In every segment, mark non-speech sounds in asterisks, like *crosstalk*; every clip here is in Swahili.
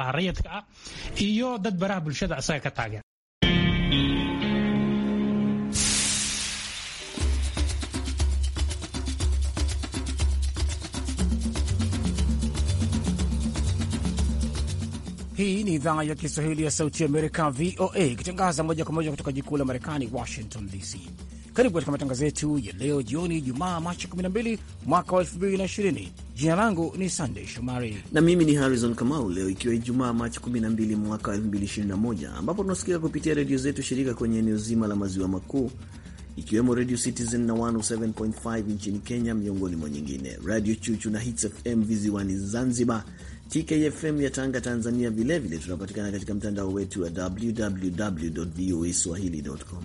rayidka ah iyo dad baraha bulshada asaga ka taageera Hii ni idhaa ya Kiswahili ya Sauti ya Amerika, VOA, ikitangaza moja kwa moja kutoka jikuu la Marekani, Washington DC. Karibu katika matangazo yetu ya leo jioni, Jumaa Machi 12 mwaka wa 2020. Jina langu ni Sandey Shomari na mimi ni Harrison Kamau. Leo ikiwa Ijumaa Machi 12 mwaka wa 2021, ambapo tunasikika kupitia redio zetu shirika kwenye eneo zima la maziwa makuu ikiwemo Radio Citizen na 107.5 nchini Kenya, miongoni mwa nyingine, Radio Chuchu na Hits FM viziwani Zanzibar TKFM ya Tanga, Tanzania. Vilevile tunapatikana katika mtandao wetu wa www voa swahili.com.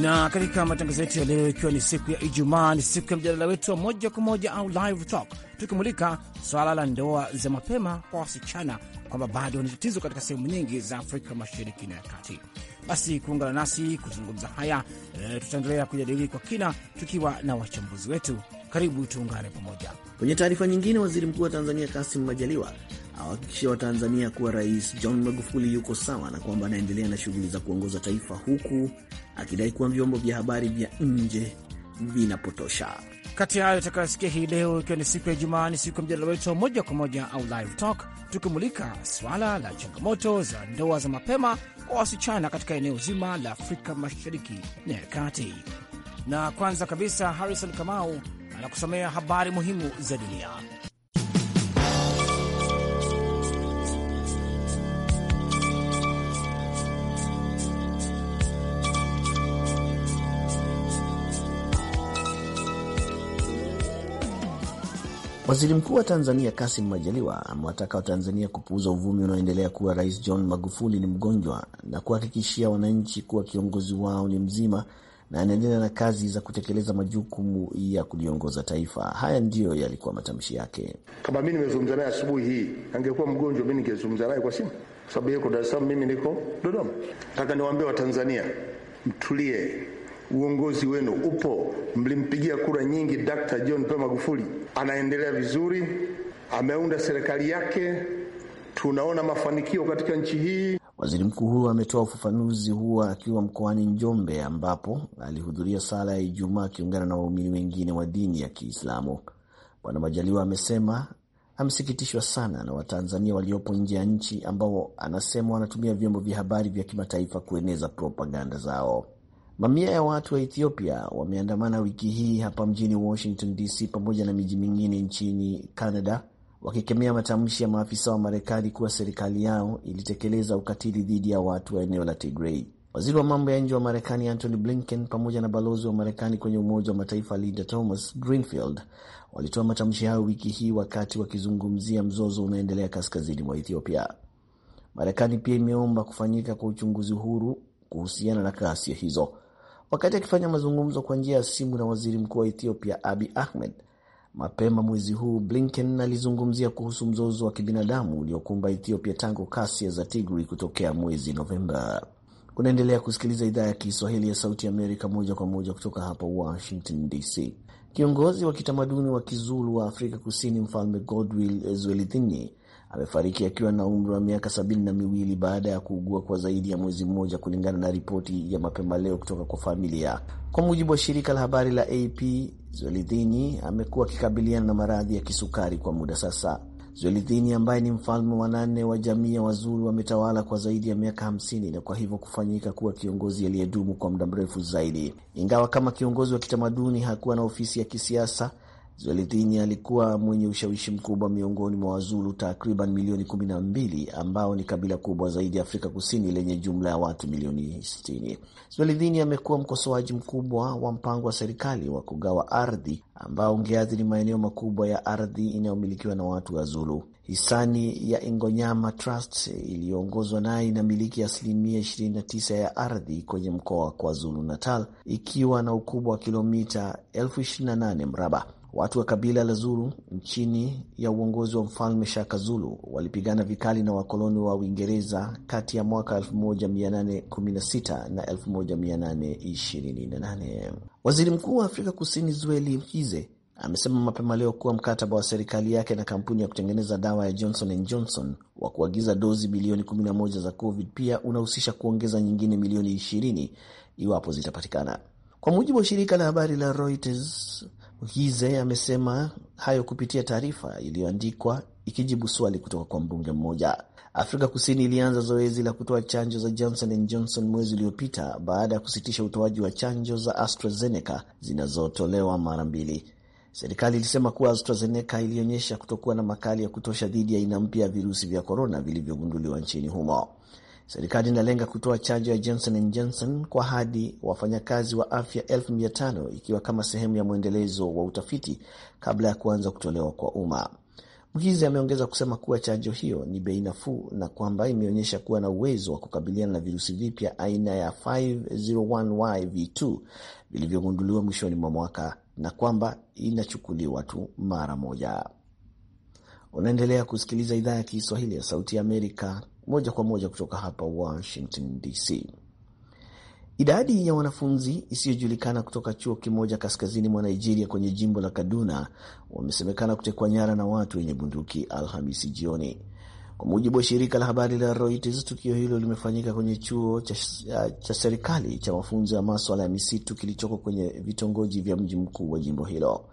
na katika matangazo yetu ya leo, ikiwa ni siku ya Ijumaa, ni siku ya mjadala wetu wa moja kwa moja au live talk, tukimulika swala la ndoa za mapema kwa wasichana kwamba bado ni tatizo katika sehemu nyingi za Afrika Mashariki na ya Kati. Basi kuungana nasi kuzungumza haya e, tutaendelea kujadili kwa kina tukiwa na wachambuzi wetu. Karibu tuungane pamoja. Kwenye taarifa nyingine, waziri mkuu wa Tanzania Kasim Majaliwa awahakikishia Watanzania kuwa Rais John Magufuli yuko sawa na kwamba anaendelea na shughuli za kuongoza taifa huku akidai kuwa vyombo vya habari vya nje vinapotosha. Kati ya hayo utakayosikia hii leo, ikiwa ni siku ya Ijumaa, ni siku ya mjadala wetu wa moja kwa moja au live talk, tukimulika swala la changamoto za ndoa za mapema kwa wasichana katika eneo zima la Afrika Mashariki na ya Kati. Na kwanza kabisa, Harrison Kamau anakusomea habari muhimu za dunia. Waziri Mkuu wa Tanzania kasim Majaliwa amewataka Watanzania kupuuza uvumi unaoendelea kuwa Rais John Magufuli ni mgonjwa na kuhakikishia wananchi kuwa kiongozi wao ni mzima na anaendelea na kazi za kutekeleza majukumu ya kuliongoza taifa. Haya ndiyo yalikuwa matamshi yake. Kama mi nimezungumza naye asubuhi hii, angekuwa mgonjwa mi ningezungumza naye kwa simu, kwa sababu yeye yuko Dar es Salaam, mimi niko Dodoma. Nataka niwaambie Watanzania mtulie uongozi wenu upo, mlimpigia kura nyingi. Dkt. John Pombe Magufuli anaendelea vizuri, ameunda serikali yake, tunaona mafanikio katika nchi hii. Waziri mkuu huyo ametoa ufafanuzi huo akiwa mkoani Njombe, ambapo alihudhuria sala ya Ijumaa akiungana na waumini wengine wa dini ya Kiislamu. Bwana Majaliwa amesema amesikitishwa sana na Watanzania waliopo nje ya nchi ambao anasema wanatumia vyombo vya habari vya kimataifa kueneza propaganda zao. Mamia ya watu wa Ethiopia wameandamana wiki hii hapa mjini Washington DC pamoja na miji mingine nchini Canada wakikemea matamshi ya maafisa wa Marekani kuwa serikali yao ilitekeleza ukatili dhidi ya watu wa eneo la Tigray. Waziri wa mambo ya nje wa Marekani Antony Blinken pamoja na balozi wa Marekani kwenye Umoja wa Mataifa Linda Thomas Greenfield walitoa matamshi hayo wiki hii wakati wakizungumzia mzozo unaendelea kaskazini mwa Ethiopia. Marekani pia imeomba kufanyika kwa uchunguzi huru kuhusiana na ghasia hizo wakati akifanya mazungumzo kwa njia ya simu na waziri mkuu wa Ethiopia Abi Ahmed. Mapema mwezi huu, Blinken alizungumzia kuhusu mzozo wa kibinadamu uliokumba Ethiopia tangu kasia za tigri kutokea mwezi Novemba. Unaendelea kusikiliza idhaa ya Kiswahili ya Sauti Amerika moja kwa moja kutoka hapa Washington DC. Kiongozi wa kitamaduni wa Kizulu wa Afrika Kusini, Mfalme Godwill Zwelithini amefariki akiwa na umri wa miaka sabini na miwili baada ya kuugua kwa zaidi ya mwezi mmoja, kulingana na ripoti ya mapema leo kutoka kwa familia. Kwa mujibu wa shirika la habari la AP, Zwelithini amekuwa akikabiliana na maradhi ya kisukari kwa muda sasa. Zwelithini ambaye ni mfalme wa nane wa jamii ya Wazulu ametawala kwa zaidi ya miaka hamsini na kwa hivyo kufanyika kuwa kiongozi aliyedumu kwa muda mrefu zaidi. Ingawa kama kiongozi wa kitamaduni hakuwa na ofisi ya kisiasa Zwelithini alikuwa mwenye ushawishi mkubwa miongoni mwa Wazulu takriban milioni 12 ambao ni kabila kubwa zaidi ya Afrika Kusini lenye jumla ya watu milioni 60. Zwelithini amekuwa mkosoaji mkubwa wa mpango wa serikali wa kugawa ardhi ambao ungeathiri maeneo makubwa ya ardhi inayomilikiwa na watu Wazulu. Hisani ya Ingonyama Trust iliyoongozwa naye inamiliki asilimia 29 ya ardhi kwenye mkoa wa KwaZulu Natal, ikiwa na ukubwa wa kilomita 28 mraba. Watu wa kabila la Zulu chini ya uongozi wa Mfalme Shaka Zulu walipigana vikali na wakoloni wa Uingereza kati ya mwaka 1816 na 1828. Waziri Mkuu wa Afrika Kusini Zweli Mkhize amesema mapema leo kuwa mkataba wa serikali yake na kampuni ya kutengeneza dawa ya Johnson and Johnson wa kuagiza dozi bilioni 11 za COVID pia unahusisha kuongeza nyingine milioni 20 iwapo zitapatikana, kwa mujibu wa shirika la habari la Reuters hize amesema hayo kupitia taarifa iliyoandikwa ikijibu swali kutoka kwa mbunge mmoja. Afrika Kusini ilianza zoezi la kutoa chanjo za Johnson and Johnson mwezi uliopita baada ya kusitisha utoaji wa chanjo za AstraZeneca zinazotolewa mara mbili. Serikali ilisema kuwa AstraZeneca ilionyesha kutokuwa na makali ya kutosha dhidi ya aina mpya ya virusi vya korona vilivyogunduliwa nchini humo. Serikali inalenga kutoa chanjo ya Johnson and Johnson kwa hadi wafanyakazi wa afya elfu mia tano ikiwa kama sehemu ya mwendelezo wa utafiti kabla ya kuanza kutolewa kwa umma. Mkizi ameongeza kusema kuwa chanjo hiyo ni bei nafuu na kwamba imeonyesha kuwa na uwezo wa kukabiliana na virusi vipya aina ya 501YV2 vilivyogunduliwa mwishoni mwa mwaka na kwamba inachukuliwa tu mara moja. Unaendelea kusikiliza idhaa ya Kiswahili ya Sauti ya Amerika moja kwa moja kutoka hapa Washington DC. Idadi ya wanafunzi isiyojulikana kutoka chuo kimoja kaskazini mwa Nigeria kwenye jimbo la Kaduna wamesemekana kutekwa nyara na watu wenye bunduki Alhamisi jioni, kwa mujibu wa shirika la habari la Reuters. Tukio hilo limefanyika kwenye chuo cha, cha serikali cha mafunzo ya maswala ya misitu kilichoko kwenye vitongoji vya mji mkuu wa jimbo hilo.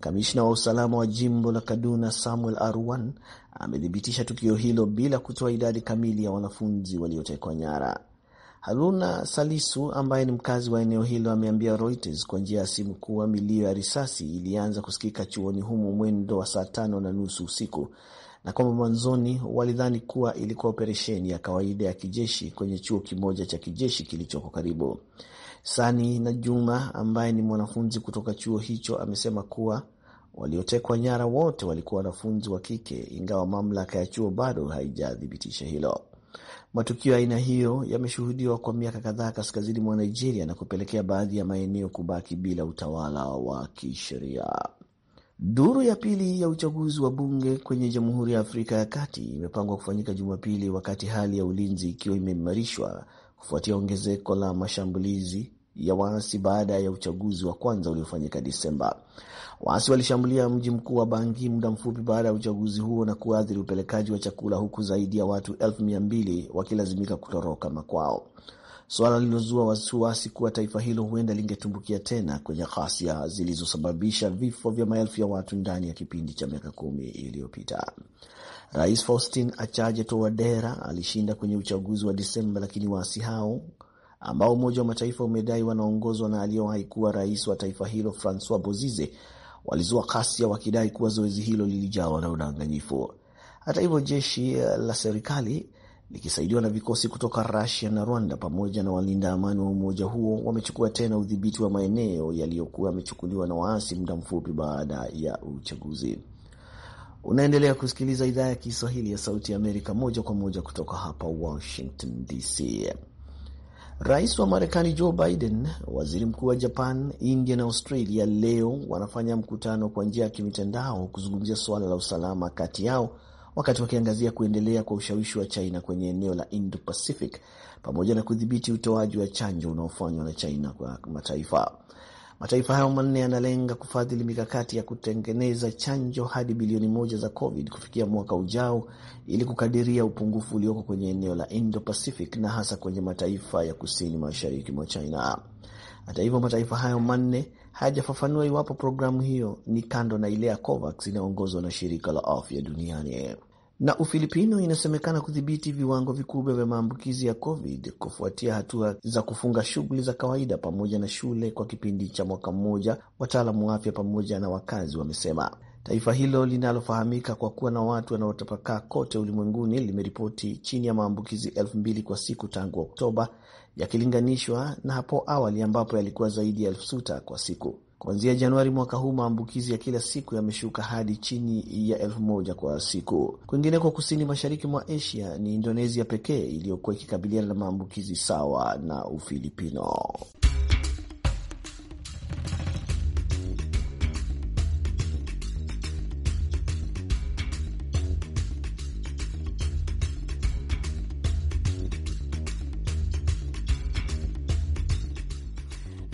Kamishna wa usalama wa jimbo la Kaduna Samuel Arwan amethibitisha tukio hilo bila kutoa idadi kamili ya wanafunzi waliotekwa nyara. Haruna Salisu ambaye ni mkazi wa eneo hilo ameambia Reuters kwa njia ya simu kuwa milio ya risasi ilianza kusikika chuoni humo mwendo wa saa tano na nusu usiku na kwamba mwanzoni walidhani kuwa ilikuwa operesheni ya kawaida ya kijeshi kwenye chuo kimoja cha kijeshi kilichoko karibu. Sani juma ambaye ni mwanafunzi kutoka chuo hicho amesema kuwa waliotekwa nyara wote walikuwa wanafunzi wa kike ingawa mamlaka ya chuo bado haijathibitisha hilo. Matukio ya aina hiyo yameshuhudiwa kwa miaka kadhaa kaskazini mwa Nigeria na kupelekea baadhi ya maeneo kubaki bila utawala wa kisheria. Duru ya pili ya uchaguzi wa bunge kwenye Jamhuri ya Afrika ya Kati imepangwa kufanyika Jumapili, wakati hali ya ulinzi ikiwa imeimarishwa kufuatia ongezeko la mashambulizi ya waasi baada ya uchaguzi wa kwanza uliofanyika Desemba. Waasi walishambulia mji mkuu wa Bangi muda mfupi baada ya uchaguzi huo na kuathiri upelekaji wa chakula, huku zaidi ya watu elfu mia mbili wakilazimika kutoroka makwao, suala lilozua wasiwasi kuwa taifa hilo huenda lingetumbukia tena kwenye ghasia zilizosababisha vifo vya maelfu ya watu ndani ya kipindi cha miaka kumi iliyopita. Rais Faustin Achaje Towadera alishinda kwenye uchaguzi wa disemba lakini waasi hao ambao Umoja wa Mataifa umedai wanaongozwa na aliyewahi kuwa rais wa taifa hilo Francois Bozize walizua ghasia wakidai kuwa zoezi hilo lilijawa na udanganyifu. Hata hivyo, jeshi eh, la serikali likisaidiwa na vikosi kutoka Russia na Rwanda pamoja na walinda amani wa umoja huo wamechukua tena udhibiti wa maeneo yaliyokuwa yamechukuliwa na waasi muda mfupi baada ya uchaguzi. Unaendelea kusikiliza idhaa ya Kiswahili ya Sauti ya Amerika moja kwa moja kutoka hapa Washington DC. Rais wa Marekani Joe Biden, waziri mkuu wa Japan, India na Australia leo wanafanya mkutano kwa njia ya kimitandao kuzungumzia suala la usalama kati yao, wakati wakiangazia kuendelea kwa ushawishi wa China kwenye eneo la Indo Pacific pamoja na kudhibiti utoaji wa chanjo unaofanywa na China kwa mataifa Mataifa hayo manne yanalenga kufadhili mikakati ya kutengeneza chanjo hadi bilioni moja za COVID kufikia mwaka ujao ili kukadiria upungufu ulioko kwenye eneo la Indo-Pacific na hasa kwenye mataifa ya kusini mashariki mwa China. Hata hivyo, mataifa hayo manne hayajafafanua iwapo programu hiyo ni kando na ile ya COVAX inayoongozwa na shirika la afya duniani na Ufilipino inasemekana kudhibiti viwango vikubwa vya maambukizi ya COVID kufuatia hatua za kufunga shughuli za kawaida pamoja na shule kwa kipindi cha mwaka mmoja, wataalamu wa afya pamoja na wakazi wamesema. Taifa hilo linalofahamika kwa kuwa na watu wanaotapakaa kote ulimwenguni limeripoti chini ya maambukizi elfu mbili kwa siku tangu Oktoba, yakilinganishwa na hapo awali ambapo yalikuwa zaidi ya elfu sita kwa siku. Kuanzia Januari mwaka huu maambukizi ya kila siku yameshuka hadi chini ya elfu moja kwa siku. Kwingineko, kusini mashariki mwa Asia, ni Indonesia pekee iliyokuwa ikikabiliana na maambukizi sawa na Ufilipino.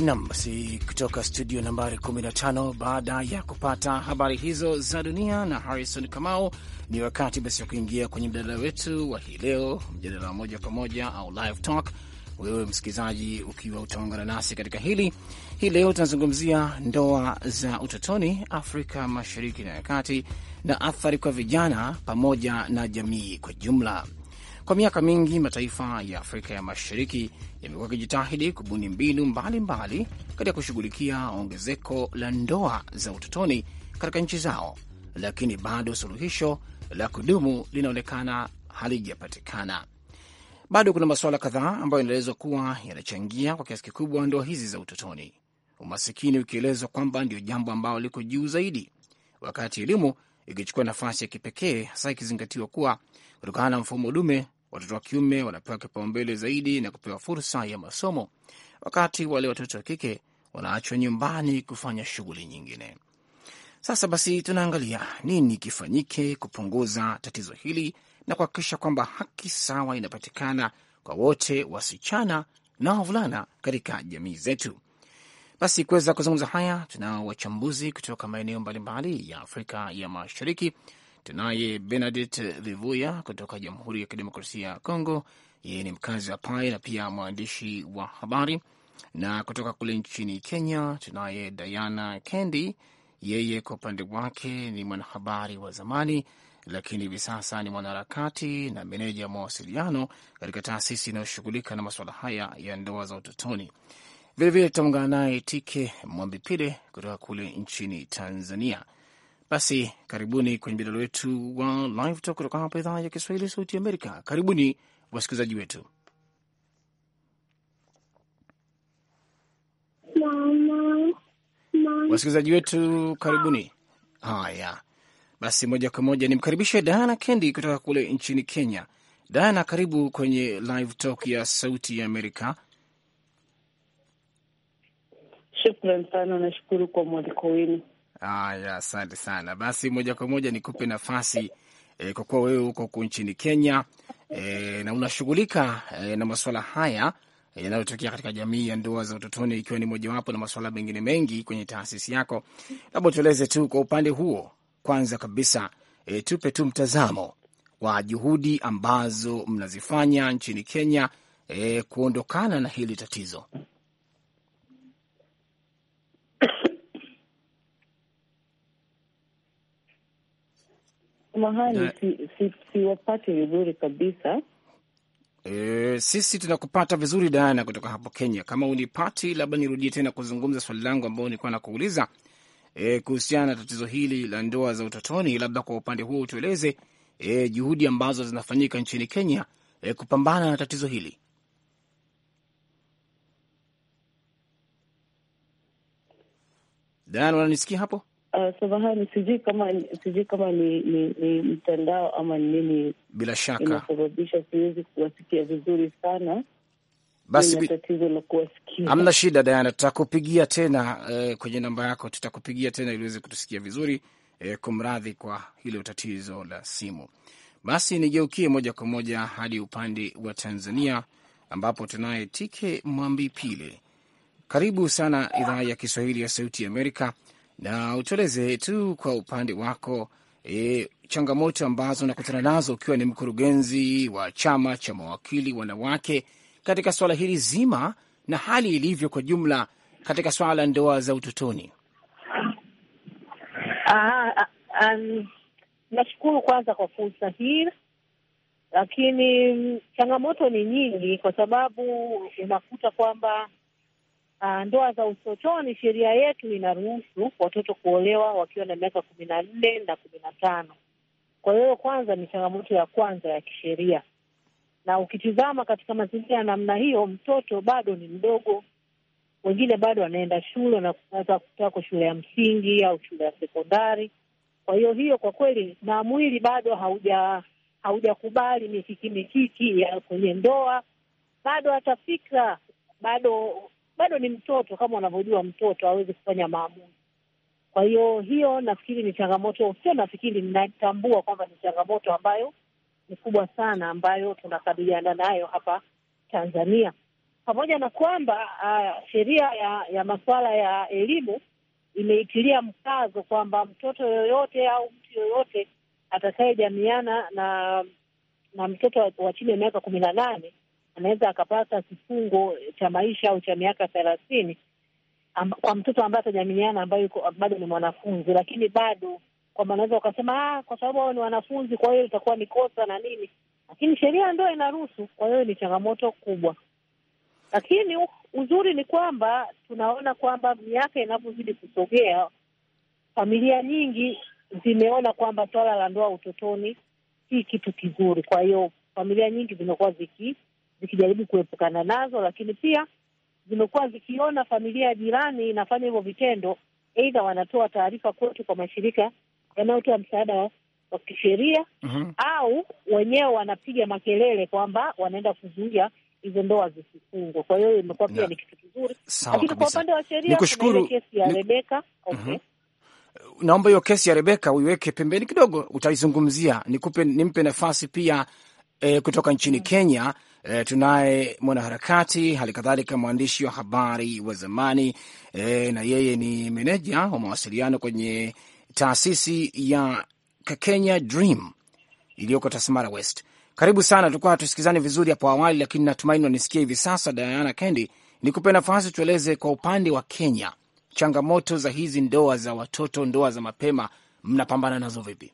Nam, basi kutoka studio nambari 15 baada ya kupata habari hizo za dunia na Harrison Kamau, ni wakati basi wa kuingia kwenye mjadala wetu wa hii leo, mjadala wa moja kwa moja au live talk. Wewe msikilizaji, ukiwa utaungana nasi katika hili hii leo, tunazungumzia ndoa za utotoni Afrika Mashariki na ya Kati na athari kwa vijana pamoja na jamii kwa jumla. Kwa miaka mingi mataifa ya Afrika ya Mashariki yamekuwa yakijitahidi kubuni mbinu mbalimbali katika kushughulikia ongezeko la ndoa za utotoni katika nchi zao, lakini bado suluhisho la kudumu linaonekana halijapatikana. Bado kuna masuala kadhaa ambayo yanaelezwa kuwa yanachangia kwa kiasi kikubwa ndoa hizi za utotoni, umasikini ukielezwa kwamba ndio jambo ambalo liko juu zaidi, wakati elimu ikichukua nafasi ya kipekee, hasa ikizingatiwa kuwa kutokana na mfumo dume watoto wa kiume wanapewa kipaumbele zaidi na kupewa fursa ya masomo, wakati wale watoto wa kike wanaachwa nyumbani kufanya shughuli nyingine. Sasa basi, tunaangalia nini kifanyike kupunguza tatizo hili na kuhakikisha kwamba haki sawa inapatikana kwa wote, wasichana na wavulana katika jamii zetu. Basi kuweza kuzungumza haya, tunao wachambuzi kutoka maeneo mbalimbali ya Afrika ya Mashariki Tunaye Benedict Vivuya kutoka Jamhuri ya Kidemokrasia ya Kongo. Yeye ni mkazi wa Pai na pia mwandishi wa habari. Na kutoka kule nchini Kenya tunaye Diana Kendi. Yeye kwa upande wake ni mwanahabari wa zamani, lakini hivi sasa ni mwanaharakati na meneja mawasiliano katika taasisi inayoshughulika na, na masuala haya ya ndoa za utotoni. Vilevile tutaungana naye Tike Mwambipile kutoka kule nchini Tanzania. Basi karibuni kwenye mjadala wetu wa Live Talk kutoka hapa idhaa ya Kiswahili Sauti Amerika. Karibuni wasikilizaji wetu. Wasikilizaji wetu karibuni. Haya basi, moja kwa moja nimkaribishe Diana Kendi kutoka kule nchini Kenya. Diana, karibu kwenye Live Talk ya Sauti ya Amerika. Shukran sana, nashukuru kwa mwaliko wenu. Haya, asante sana. Basi moja kwa moja nikupe nafasi eh, kwa kuwa wewe huko huku nchini Kenya eh, na unashughulika eh, na masuala haya eh, yanayotokea katika jamii ya ndoa za utotoni ikiwa ni mojawapo na masuala mengine mengi kwenye taasisi yako, labda tueleze tu kwa upande huo. Kwanza kabisa e, tupe tu mtazamo wa juhudi ambazo mnazifanya nchini Kenya e, kuondokana na hili tatizo. mahali siwapati si, si vizuri kabisa. E, sisi tunakupata vizuri Diana kutoka hapo Kenya. Kama unipati, labda nirudie tena kuzungumza swali langu ambao nilikuwa nakuuliza e, kuhusiana na tatizo hili la ndoa za utotoni. Labda kwa upande huo utueleze e, juhudi ambazo zinafanyika nchini Kenya e, kupambana na tatizo hili. Diana, unanisikia hapo? Uh, ah, samahani, sijui kama sijui kama ni, ni, ni mtandao ama ni nini, bila shaka inasababisha siwezi kuwasikia vizuri sana. Basi bi... shida Diana, tutakupigia tena eh, kwenye namba yako tutakupigia tena ili uweze kutusikia vizuri eh, kumradhi kwa hilo tatizo la simu. Basi nigeukie moja kwa moja hadi upande wa Tanzania ambapo tunaye Tike Mwambi Pile. Karibu sana idhaa ya Kiswahili ya Sauti ya Amerika na utueleze tu kwa upande wako e, changamoto ambazo unakutana nazo ukiwa ni mkurugenzi wa chama cha mawakili wanawake katika swala hili zima na hali ilivyo kwa jumla katika swala la ndoa za utotoni. Ah, ah, um, nashukuru kwanza kwa fursa hii, lakini mm, changamoto ni nyingi, kwa sababu unakuta kwamba uh, ndoa za usotoni, sheria yetu inaruhusu watoto kuolewa wakiwa na miaka kumi na nne na kumi na tano. Kwa hiyo kwanza ni changamoto ya kwanza ya kisheria, na ukitizama katika mazingira ya namna hiyo, mtoto bado ni mdogo, wengine bado wanaenda shule wanaweza kutako shule ya msingi au shule ya sekondari. Kwa hiyo hiyo kwa kweli, na mwili bado hauja haujakubali mikiki mikiki ya kwenye ndoa, bado hata fikra bado bado ni mtoto, kama unavyojua mtoto hawezi kufanya maamuzi. Kwa hiyo hiyo nafikiri ni changamoto, sio nafikiri, ninatambua kwamba ni changamoto ambayo ni kubwa sana ambayo tunakabiliana nayo hapa Tanzania, pamoja na kwamba uh, sheria ya, ya masuala ya elimu imeitilia mkazo kwamba mtoto yoyote au mtu yoyote atakayejamiana na na mtoto wa chini ya miaka kumi na nane anaweza akapata kifungo cha maisha au cha miaka thelathini kwa mtoto ambaye atajamiliana, yuko bado ni mwanafunzi, lakini bado kwamba unaweza ukasema ah, kwa sababu hao ni wanafunzi, kwa hiyo itakuwa ni kosa na nini, lakini sheria ndio inaruhusu. Kwa hiyo ni changamoto kubwa, lakini uzuri ni kwamba tunaona kwamba miaka inavyozidi kusogea, familia nyingi zimeona kwamba swala la ndoa utotoni si kitu kizuri, kwa hiyo familia nyingi zimekuwa ziki zikijaribu kuepukana nazo, lakini pia zimekuwa zikiona familia ya jirani inafanya hivyo vitendo, aidha wanatoa taarifa kwetu kwa mashirika yanayotoa msaada wa kisheria mm -hmm. au wenyewe wanapiga makelele kwamba wanaenda kuzuia hizo ndoa zisifungwe. Kwa hiyo imekuwa pia ni kitu kizuri, lakini kwa upande wa sheria kuna kesi ya Rebeka. Okay, mhm. naomba hiyo kesi ya Rebeka uiweke pembeni kidogo, utaizungumzia. Nikupe, nimpe nafasi pia eh, kutoka nchini mm -hmm. Kenya e, tunaye mwanaharakati hali kadhalika mwandishi wa habari wa zamani e, na yeye ni meneja wa mawasiliano kwenye taasisi ya Kakenya Dream iliyoko Tasmara West. Karibu sana, tulikuwa hatusikizani vizuri hapo awali, lakini natumaini wanisikia hivi sasa. Diana Kendi, nikupe nafasi tueleze kwa upande wa Kenya changamoto za hizi ndoa za watoto, ndoa za mapema, mnapambana nazo vipi?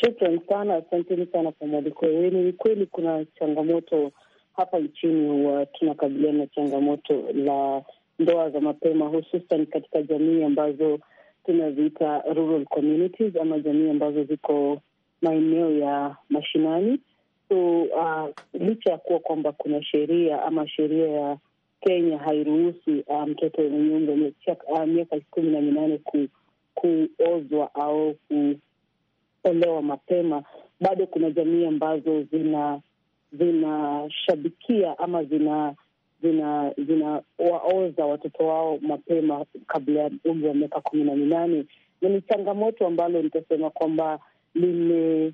Shukran sana, asanteni sana kwa mwaliko wenu. Ni kweli kuna changamoto hapa nchini, huwa tunakabiliana na changamoto la ndoa za mapema, hususan katika jamii ambazo tunaziita rural communities ama jamii ambazo ziko maeneo ya mashinani. So uh, licha ya kuwa kwamba kuna sheria ama sheria ya Kenya hairuhusi uh, mtoto um, mwenye umri wa miaka uh, kumi na minane kuozwa au ku, olewa mapema, bado kuna jamii ambazo zina zinashabikia ama zina zina zinawaoza watoto wao mapema kabla ya umri wa miaka kumi na minane, na ni changamoto ambalo nitasema kwamba lime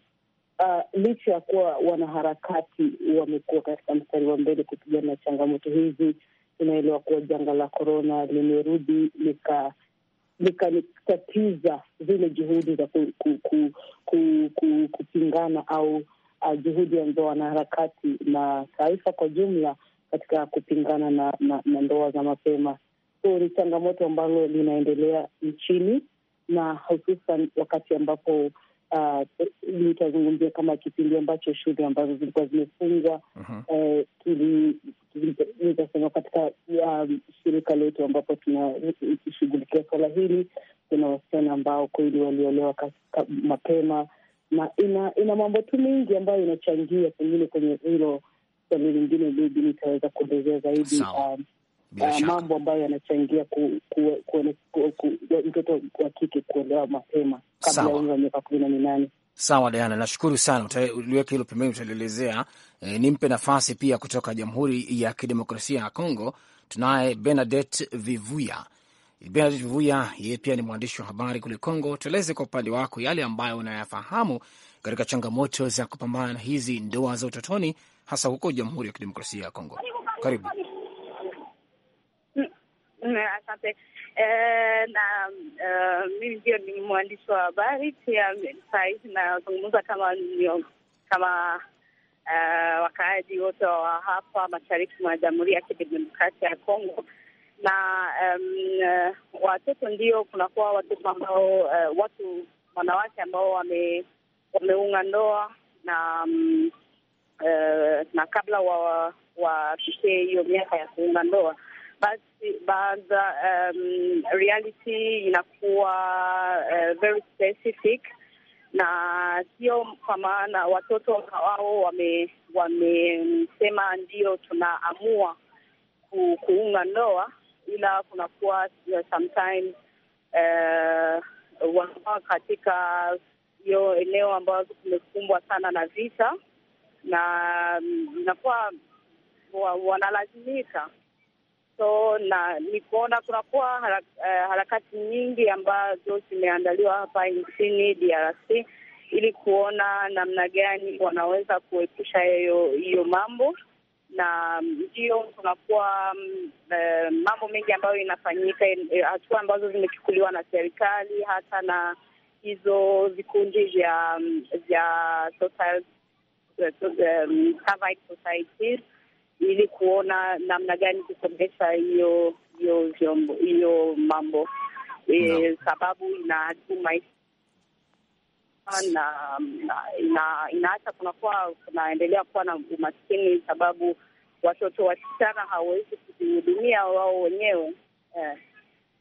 uh, licha ya kuwa wanaharakati wamekuwa katika mstari wa mbele kupigana na changamoto hizi, tunaelewa kuwa janga la korona limerudi lika likanikatiza zile juhudi za ku, ku, ku, ku, ku, kupingana au uh, juhudi ambazo wanaharakati na taifa kwa jumla katika kupingana na, na, na ndoa za mapema. So ni changamoto ambalo linaendelea nchini na hususan wakati ambapo nitazungumzia uh, kama kipindi ambacho shule ambazo zilikuwa zimefungwa mhm. eh, nitasema, katika um, shirika letu ambapo tunashughulikia swala hili, kuna wasichana ambao kweli waliolewa mapema, na ina ina mambo tu mengi ambayo inachangia pengine kwenye hilo swali lingine, bibi nitaweza kuelezea zaidi um, uh, mambo ambayo yanachangia mtoto wa kike kuolewa mapema kabla ya umri wa miaka kumi na minane. Sawa Diana, nashukuru sana, uliweka hilo pembeni, utalielezea. E, nimpe nafasi pia kutoka Jamhuri ya Kidemokrasia ya Kongo tunaye Benadet Vivuya. Benadet Vivuya yeye pia ni mwandishi wa habari kule Kongo. Tueleze kwa upande wako yale ambayo unayafahamu katika changamoto za kupambana na hizi ndoa za utotoni hasa huko Jamhuri ya Kidemokrasia ya Kongo. Karibu. Asante e, na uh, eh, mimi ndio ni mwandishi wa habari pia, sahizi hizi nazungumza kama nyo, kama eh, wakaaji wote wa hapa mashariki mwa Jamhuri ya Kidemokrasia ya Kongo na um, uh, watoto ndio kunakuwa watoto ambao uh, watu wanawake ambao wame, wameunga ndoa na um, uh, na kabla wafikie wa hiyo miaka ya kuunga ndoa basi baadha um, reality inakuwa uh, very specific na sio kwa maana watoto wao wamesema wame ndio tunaamua ku, kuunga ndoa, ila kunakuwa uh, sometimes uh, wanaa katika hiyo eneo ambazo kumekumbwa sana na vita na um, inakuwa wanalazimika mchezo na ni kuona kunakuwa harak, uh, eh, harakati nyingi ambazo zimeandaliwa hapa nchini DRC ili kuona namna gani wanaweza kuepusha hiyo mambo, na ndio kunakuwa uh, mambo mengi ambayo inafanyika, eh, hatua ambazo zimechukuliwa na serikali hata na hizo vikundi vya mm, vya social, um, mm, society ili kuona namna gani kukomesha hiyo hiyo vyombo hiyo mambo e, no. Sababu ina maisha na, na ina, inaacha kunakuwa kunaendelea kuwa na umaskini, sababu watoto wasichana hawawezi kujihudumia wao wenyewe eh.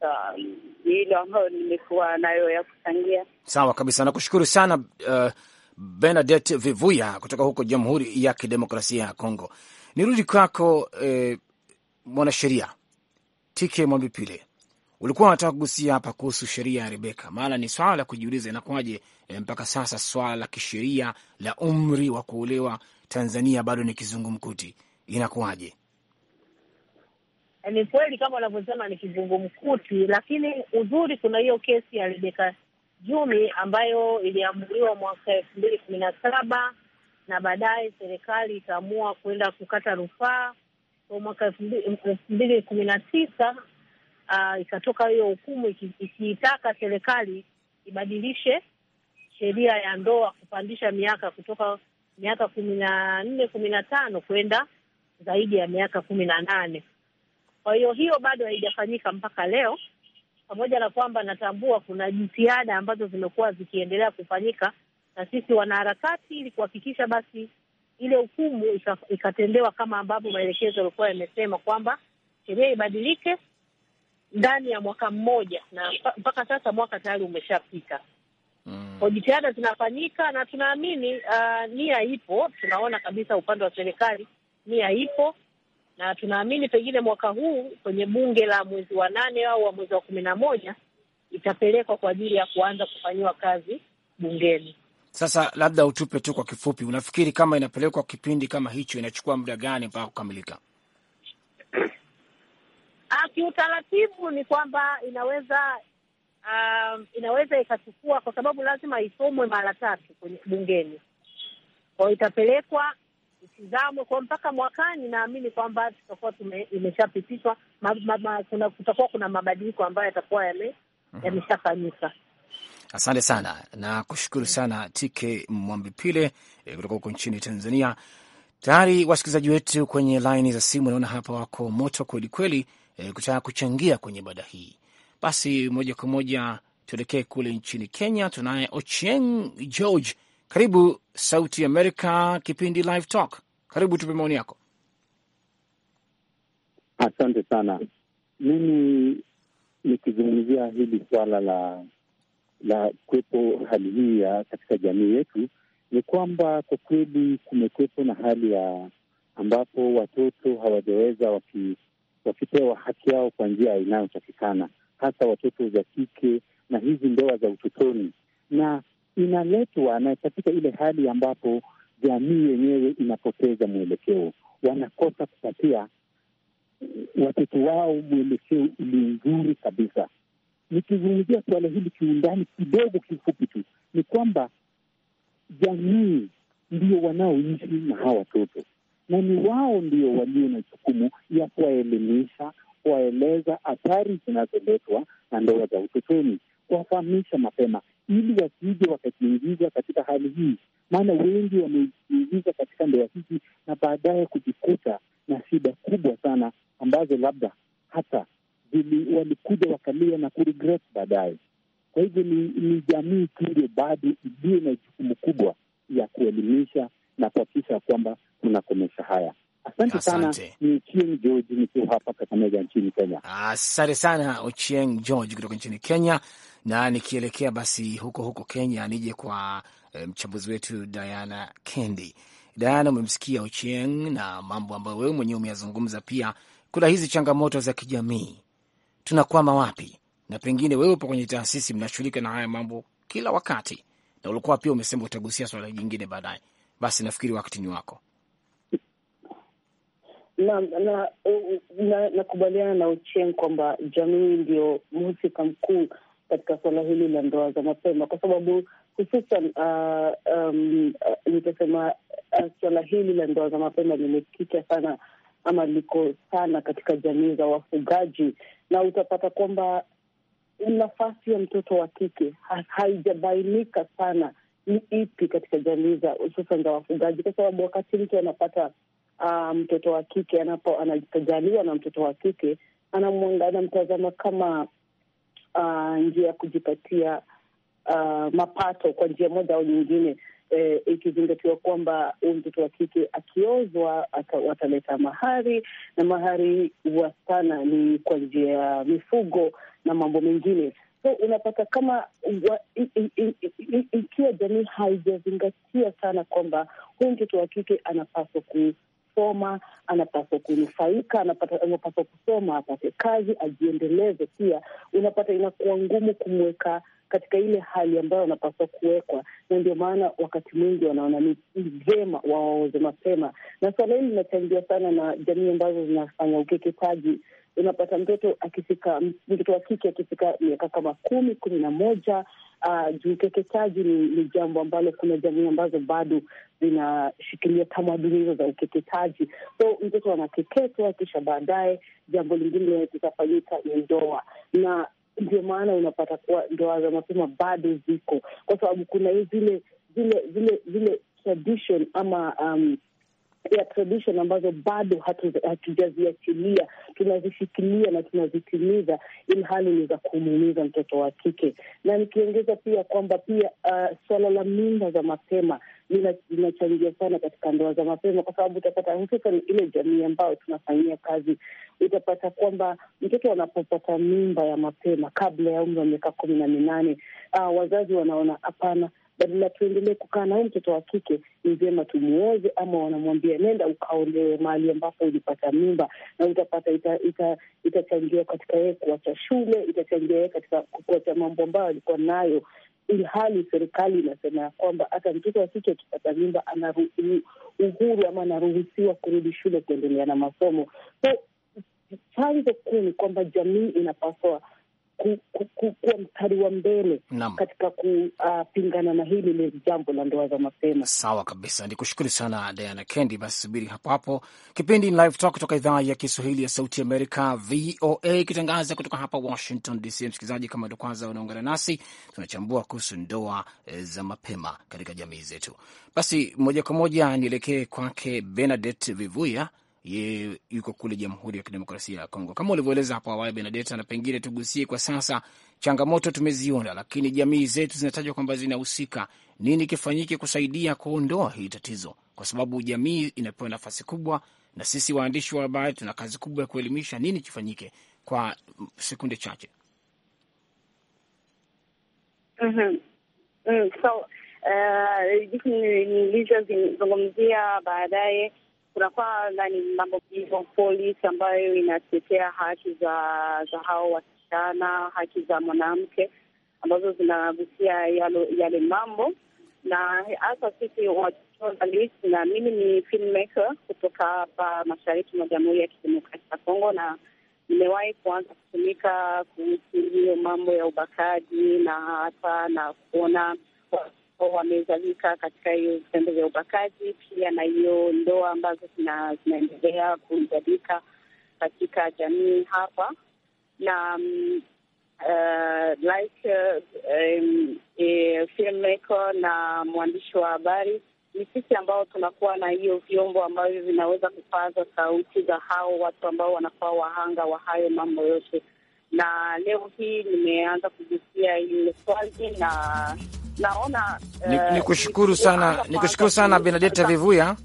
Um, hilo ambayo nimekuwa nayo ya kuchangia. Sawa kabisa, nakushukuru sana uh, Bernadette Vivuya kutoka huko Jamhuri ya Kidemokrasia ya Kongo. Nirudi kwako eh, mwanasheria Tike Mwambipile, ulikuwa unataka kugusia hapa kuhusu sheria ya Rebeka, maana ni swala la kujiuliza inakuwaje, eh, mpaka sasa swala la kisheria la umri wa kuolewa Tanzania bado ni kizungumkuti, inakuwaje? Ni kweli kama unavyosema ni kizungumkuti, lakini uzuri, kuna hiyo kesi ya Rebeka Jumi ambayo iliamuliwa mwaka elfu mbili kumi na saba na baadaye serikali ikaamua kuenda kukata rufaa kwa mwaka elfu mbili kumi na tisa uh, ikatoka hiyo hukumu ikiitaka serikali ibadilishe sheria ya ndoa kupandisha miaka kutoka miaka kumi na nne kumi na tano kwenda zaidi ya miaka kumi na nane. Kwa hiyo hiyo bado haijafanyika mpaka leo, pamoja na kwamba natambua kuna jitihada ambazo zimekuwa zikiendelea kufanyika na sisi wanaharakati, ili kuhakikisha basi ile hukumu ikatendewa kama ambavyo maelekezo yalikuwa yamesema kwamba sheria ibadilike ndani ya mwaka mmoja, na mpaka sasa mwaka tayari umeshapita. Mm. jitihada zinafanyika na tunaamini uh, nia ipo. Tunaona kabisa upande wa serikali nia ipo, na tunaamini pengine mwaka huu kwenye bunge la mwezi wa nane au wa mwezi wa kumi na moja itapelekwa kwa ajili ya kuanza kufanyiwa kazi bungeni. Sasa labda utupe tu kwa kifupi, unafikiri kama inapelekwa kipindi kama hicho inachukua muda gani mpaka kukamilika? Ah, kiutaratibu ni kwamba inaweza um, inaweza ikachukua, kwa sababu lazima isomwe mara tatu kwenye bungeni, kwao itapelekwa itizamwe kwao mpaka mwakani. Naamini kwamba tutakuwa imeshapitishwa, kutakuwa kuna mabadiliko ambayo yatakuwa mhm. yameshafanyika. Asante sana na kushukuru sana TK Mwambipile eh, kutoka huko nchini Tanzania. Tayari wasikilizaji wetu kwenye laini za simu, naona hapa wako moto kwelikweli e, eh, kutaka kuchangia kwenye mada hii. Basi moja kwa moja tuelekee kule nchini Kenya. Tunaye Ochieng George, karibu Sauti Amerika kipindi Live Talk, karibu tupe maoni yako. Asante sana. Mimi nikizungumzia hili swala la la kuwepo hali hii ya katika jamii yetu ni kwamba kwa kweli kumekuwepo na hali ya ambapo watoto hawajaweza waki, wakipewa haki yao kwa njia inayotakikana, hasa watoto za kike na hizi ndoa za utotoni, na inaletwa na katika ile hali ambapo jamii yenyewe inapoteza mwelekeo, wanakosa kupatia watoto wao mwelekeo ulio nzuri kabisa nikizungumzia suala hili kiundani kidogo, kifupi tu, ni kwamba jamii ndio wanaoishi na hawa watoto na ni wao ndio walio na jukumu ya kuwaelimisha, kuwaeleza athari zinazoletwa na ndoa za utotoni, kuwafahamisha mapema ili wasije wakajiingiza katika hali hii, maana wengi wamejiingiza katika ndoa hizi na baadaye kujikuta na shida kubwa sana ambazo labda hata walikuja wakalia na kuregret baadaye. Kwa hivyo ni, ni jamii tu ndio bado iliyo na jukumu kubwa ya kuelimisha na kuhakikisha kwamba tunakomesha haya. Asante, asante sana. Ni Ochieng George nikiwa hapa Kakamega nchini Kenya. Asante sana Ochieng George kutoka nchini Kenya. Na nikielekea basi huko huko Kenya, nije kwa eh, mchambuzi um, wetu Diana Kendi. Diana, umemsikia Ochieng na mambo ambayo wewe mwenyewe umeyazungumza. Pia kuna hizi changamoto za kijamii tunakwama wapi, na pengine wewe upo kwenye taasisi mnashughulika na haya mambo kila wakati, na ulikuwa pia umesema utagusia swala jingine baadaye. Basi nafikiri wakati ni wako. Nakubaliana na, na, na, na Ochieng kwamba jamii ndio mhusika mkuu katika suala hili la ndoa za mapema, kwa sababu hususan uh, um, uh, nitasema uh, suala hili la ndoa za mapema limekita sana ama liko sana katika jamii za wafugaji, na utapata kwamba nafasi ya mtoto wa kike ha haijabainika sana ni ipi katika jamii za hususan za wafugaji, kwa sababu wakati mtu anapata uh, mtoto wa kike anapo anajaliwa na mtoto wa kike anamtazama kama uh, njia ya kujipatia uh, mapato kwa njia moja au nyingine eh, ikizingatiwa kwamba huyu mtoto wa kike akiozwa wataleta mahari na mahari wastana ni kwa njia ya mifugo na mambo mengine. So unapata kama ikiwa jamii haijazingatia sana kwamba huyu mtoto wa kike anapaswa kusoma, anapaswa kunufaika, anapaswa kusoma, apate kazi, ajiendeleze, pia unapata inakuwa ngumu kumweka katika ile hali ambayo wanapaswa kuwekwa, na ndio maana wakati mwingi wanaona ni vyema wawaoze mapema, na suala hili linachangia sana na jamii ambazo zinafanya ukeketaji. Unapata mtoto akifika, mtoto wa kike akifika miaka kama kumi, kumi na moja, uh, ah, juu ukeketaji ni, ni jambo ambalo kuna jamii ambazo bado zinashikilia tamaduni hizo za ukeketaji. So mtoto anakeketwa, kisha baadaye jambo lingine litafanyika ni ndoa na ndio maana unapata kuwa ndoa za mapema bado ziko, kwa sababu kuna zile zile zile zile tradition ama um, ya tradition ambazo bado hatujaziachilia, tunazishikilia na tunazitimiza, ili hali ni za kumuumiza mtoto wa kike. Na nikiongeza pia kwamba pia uh, suala la mimba za mapema linachangia sana katika ndoa za mapema, kwa sababu utapata hususan ile jamii ambayo tunafanyia kazi, utapata kwamba mtoto anapopata mimba ya mapema kabla ya umri wa miaka kumi na minane, uh, wazazi wanaona hapana, badala tuendelee kukaa na huyu mtoto wa kike, ni vyema tumuoze, ama wanamwambia nenda ukaolewe mahali ambapo ulipata mimba, na utapata itachangia ita, ita katika yeye kuacha shule, itachangia yeye katika kuacha mambo ambayo alikuwa nayo ilhali serikali inasema ya kwamba hata mtoto kike akipata mimba ana uhuru ama anaruhusiwa kurudi shule kuendelea na masomo. So chanzo kuu ni kwamba jamii inapaswa ku, ku, ku, kuwa mstari wa mbele Nam. katika kupingana ah, uh, na hili ni jambo la ndoa za mapema. Sawa kabisa, ni kushukuru sana Diana Kendi. Basi subiri hapo hapo, kipindi ni Live Talk kutoka idhaa ya Kiswahili ya Sauti Amerika, VOA, ikitangaza kutoka hapa Washington DC. Msikilizaji, kama ndo kwanza unaungana nasi, tunachambua kuhusu ndoa eh, za mapema katika jamii zetu. Basi moja kwa moja nielekee kwake Benadet Vivuya ye yuko kule Jamhuri ya Kidemokrasia ya Kongo kama ulivyoeleza hapo awali Benedetta, na pengine tugusie kwa sasa changamoto tumeziona, lakini jamii zetu zinatajwa kwamba zinahusika. Nini kifanyike kusaidia kuondoa hii tatizo, kwa sababu jamii inapewa nafasi kubwa, na sisi waandishi wa habari tuna kazi kubwa ya kuelimisha. Nini kifanyike kwa sekunde chache? mm -hmm. mm, so, uh, nilichozungumzia baadaye kunakuwa nani mambo polisi ambayo inatetea haki za za hao wasichana, haki za mwanamke ambazo zinagusia yale mambo, na hasa sisi journalist na mimi ni filmmaker kutoka hapa mashariki mwa Jamhuri ya Kidemokrasia ya Kongo, na nimewahi kuanza kutumika kuhusu hiyo mambo ya ubakaji na hata na kuona ambapo wamezalika katika hiyo vitendo vya ubakaji, pia na hiyo ndoa ambazo zinaendelea kuzalika katika jamii hapa na um, Uh, like uh, um, uh, filmmaker na mwandishi wa habari ni sisi ambao tunakuwa na hiyo vyombo ambavyo vinaweza kupaza sauti za hao watu ambao wanakuwa wahanga wa hayo mambo yote, na leo hii nimeanza kugusia ile swali na naona uh, nikushukuru sana, nikushukuru sana Benedetta Vivuya.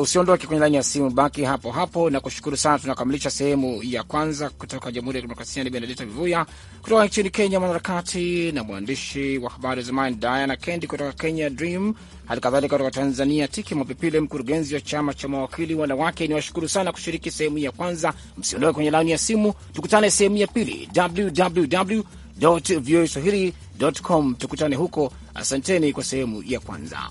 Usiondoke kwenye laini ya simu, baki hapo hapo. Nakushukuru sana. Tunakamilisha sehemu ya kwanza kutoka Jamhuri ya Kidemokrasia ni Benedetta Vivuya kutoka nchini Kenya, mwanaharakati na mwandishi wa habari zamani, Diana Kendi kutoka Kenya Dream, hali kadhalika kutoka Tanzania Tiki Mwapipile, mkurugenzi wa chama cha mawakili wanawake. Niwashukuru sana kushiriki sehemu ya kwanza. Msiondoke kwenye laini ya simu, tukutane sehemu ya pili www voaswahili.com. Tukutane huko. Asanteni kwa sehemu ya kwanza.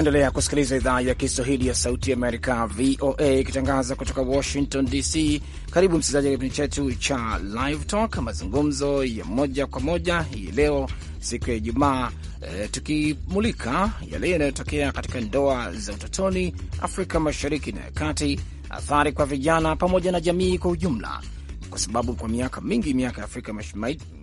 Naendelea kusikiliza idhaa ya Kiswahili ya Sauti Amerika, VOA, ikitangaza kutoka Washington DC. Karibu msikilizaji wa kipindi chetu cha Live Talk, mazungumzo ya moja kwa moja hii leo, siku ya Ijumaa, e, tukimulika yale yanayotokea katika ndoa za utotoni Afrika Mashariki na ya Kati, athari kwa vijana pamoja na jamii kwa ujumla, kwa sababu kwa miaka mingi miaka Afrika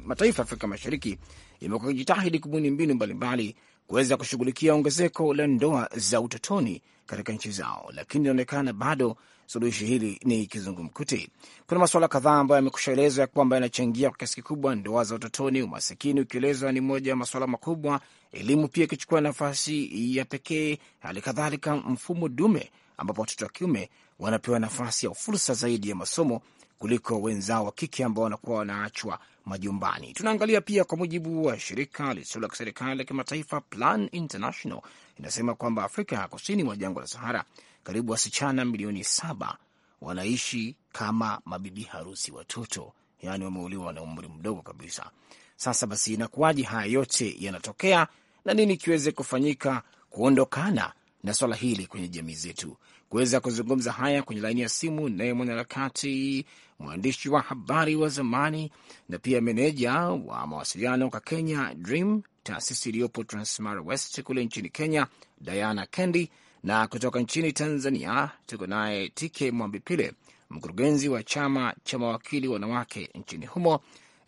mataifa ya Afrika Mashariki imekuwa ikijitahidi kubuni mbinu mbalimbali kuweza kushughulikia ongezeko la ndoa za utotoni katika nchi zao, lakini inaonekana bado suluhishi hili ni kizungumkuti. Kuna masuala kadhaa ambayo yamekusha ya kwamba yanachangia kwa kiasi kikubwa ndoa za utotoni, umasikini ukielezwa ni moja ya masuala makubwa, elimu pia ikichukua nafasi ya pekee, hali kadhalika mfumo dume ambapo watoto wa kiume wanapewa nafasi au fursa zaidi ya masomo kuliko wenzao wa kike ambao wanakuwa wanaachwa majumbani. Tunaangalia pia, kwa mujibu wa shirika lisilo la kiserikali la kimataifa Plan International inasema kwamba Afrika ya kusini mwa jangwa la Sahara, karibu wasichana milioni saba wanaishi kama mabibi harusi watoto, yaani wameuliwa na umri mdogo kabisa. Sasa basi, inakuwaje haya yote yanatokea na nini kiweze kufanyika kuondokana na swala hili kwenye jamii zetu? Kuweza kuzungumza haya kwenye laini ya simu naye mwanaharakati, mwandishi wa habari wa zamani na pia meneja wa mawasiliano kwa Kenya Dream, taasisi iliyopo Transmara West kule nchini Kenya, Diana Kendi, na kutoka nchini Tanzania tuko naye TK Mwambipile, mkurugenzi wa chama cha mawakili wanawake nchini humo,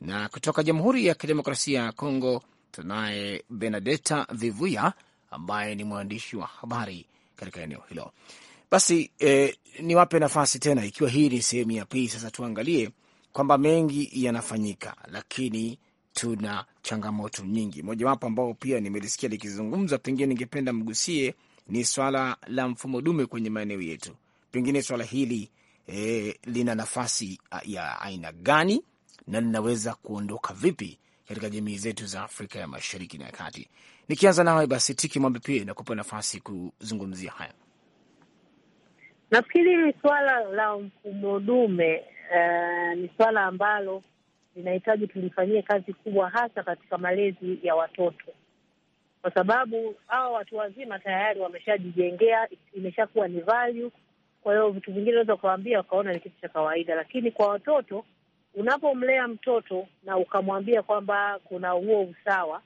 na kutoka Jamhuri ya Kidemokrasia ya Kongo tunaye Benadeta Vivuya ambaye ni mwandishi wa habari katika eneo hilo. Basi eh, niwape nafasi tena, ikiwa hii ni sehemu ya pili. Sasa tuangalie kwamba mengi yanafanyika, lakini tuna changamoto nyingi. Mojawapo ambao pia nimelisikia likizungumza, pengine ningependa mgusie, ni swala la mfumo dume kwenye maeneo yetu. Pengine swala hili eh, lina nafasi ya aina gani na linaweza kuondoka vipi katika jamii zetu za Afrika ya Mashariki na ya Kati? Nikianza nawe basi, Tiki Mwambe, pia inakupa nafasi kuzungumzia haya. Nafikiri suala la mfumo dume uh, eh, ni suala ambalo linahitaji tulifanyie kazi kubwa, hasa katika malezi ya watoto, kwa sababu hawa watu wazima tayari wameshajijengea, imeshakuwa ni value. Kwa hiyo vitu vingine unaweza ukawambia wakaona ni kitu cha kawaida, lakini kwa watoto, unapomlea mtoto na ukamwambia kwamba kuna huo usawa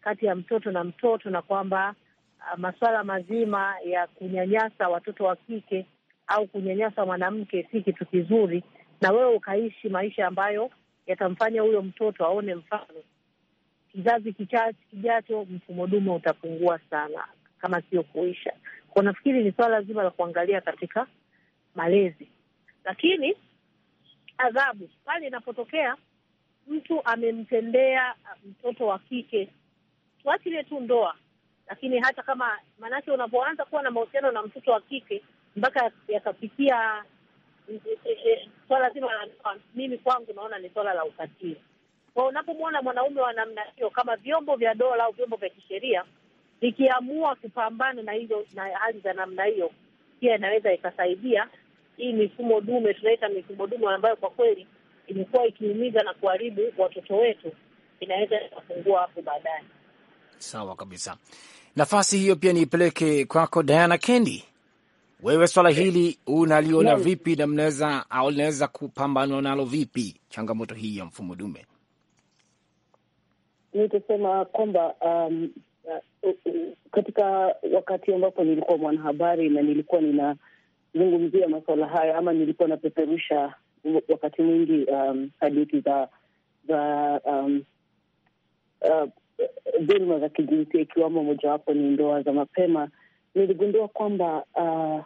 kati ya mtoto na mtoto na kwamba ah, masuala mazima ya kunyanyasa watoto wa kike au kunyanyasa mwanamke si kitu kizuri, na wewe ukaishi maisha ambayo yatamfanya huyo mtoto aone mfano. Kizazi kijacho, mfumo dume utapungua sana, kama sio kuisha. Kwa nafikiri ni swala zima la kuangalia katika malezi, lakini adhabu pale inapotokea mtu amemtendea mtoto wa kike, tuachilie tu ndoa, lakini hata kama, maanake unapoanza kuwa na mahusiano na mtoto wa kike mpaka yakafikia eh, eh, eh, swala zima la mimi kwangu naona ni swala la ukatili. Kwa unapomwona mwanaume wa namna hiyo, kama vyombo vya dola au vyombo vya kisheria vikiamua kupambana na hizo na hali za namna hiyo, pia inaweza ikasaidia hii mifumo dume, tunaita mifumo dume ambayo kwa kweli imekuwa ikiumiza na kuharibu watoto wetu, inaweza ikapungua hapo baadaye. Sawa kabisa. Nafasi hiyo pia niipeleke kwako Diana Kendi. Wewe swala eh, hili unaliona vipi na mnaweza au linaweza kupambanwa nalo vipi, changamoto hii ya mfumo dume? Nitasema kwamba um, uh, uh, uh katika wakati ambapo nilikuwa mwanahabari na nilikuwa ninazungumzia masuala haya ama nilikuwa napeperusha wakati mwingi um, hadithi za za um, uh, dhuluma za kijinsia ikiwamo mojawapo ni ndoa za mapema niligundua kwamba uh,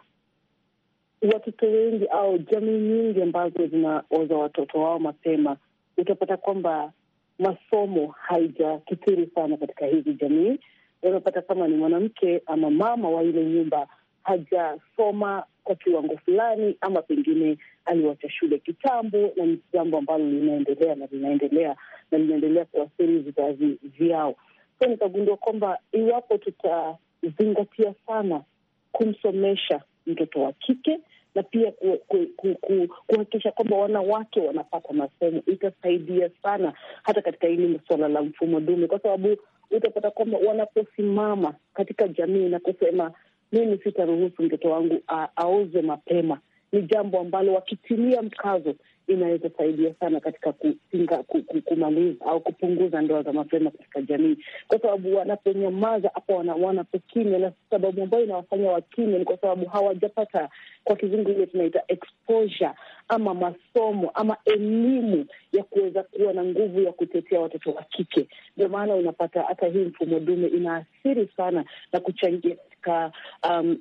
watoto wengi au jamii nyingi ambazo zinaoza watoto wao mapema, utapata kwamba masomo haijakithiri sana katika hizi jamii. Unapata kama ni mwanamke ama mama wa ile nyumba hajasoma kwa kiwango fulani, ama pengine aliwacha shule kitambo, na ni jambo ambalo linaendelea na linaendelea na linaendelea kuathiri vizazi vyao. So nikagundua kwamba iwapo tuta zingatia sana kumsomesha mtoto wa kike na pia kuhakikisha ku, ku, ku, kwamba wanawake wanapata masomo. Itasaidia sana hata katika hili suala la mfumo dume, kwa sababu utapata kwamba wanaposimama katika jamii na kusema mimi sitaruhusu mtoto wangu aoze mapema ni jambo ambalo wakitilia mkazo inaweza saidia sana katika kupinga kumaliza au kupunguza ndoa za mapema katika jamii, kwa sababu wanaponyamaza hapo wanapokimya, na sababu ambayo inawafanya wakimya ni kwa sababu hawajapata, kwa kizungu ile tunaita exposure ama masomo ama elimu ya kuweza kuwa na nguvu ya kutetea watoto wa kike. Ndio maana unapata hata hii mfumo dume inaathiri sana na kuchangia katika um,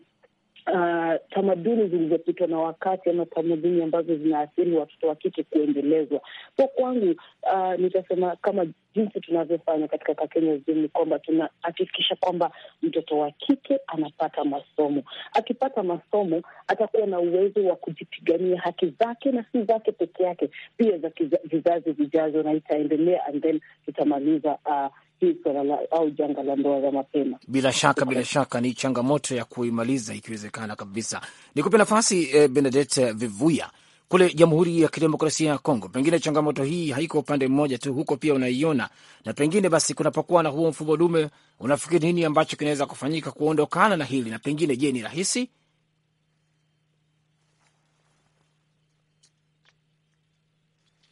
uh, tamaduni zilizopitwa na wakati ama tamaduni ambazo zinaathiri watoto wa kike kuendelezwa. So kwangu, uh, nitasema kama jinsi tunavyofanya katika Kakenya Zumi kwamba tunahakikisha kwamba mtoto wa kike anapata masomo. Akipata masomo, atakuwa na uwezo wa kujipigania haki zake na si zake peke yake, pia za vizazi vijazo, na itaendelea and then tutamaliza uh, hii swala la au janga la ndoa za mapema. Bila shaka, bila shaka ni changamoto ya kuimaliza ikiwezekana kabisa. Nikupe nafasi eh, Benedete Vivuya kule Jamhuri ya Kidemokrasia ya Kongo, pengine changamoto hii haiko upande mmoja tu, huko pia unaiona, na pengine basi kunapokuwa na huo mfumo dume, unafikiri nini ambacho kinaweza kufanyika kuondokana na hili, na pengine je, ni rahisi?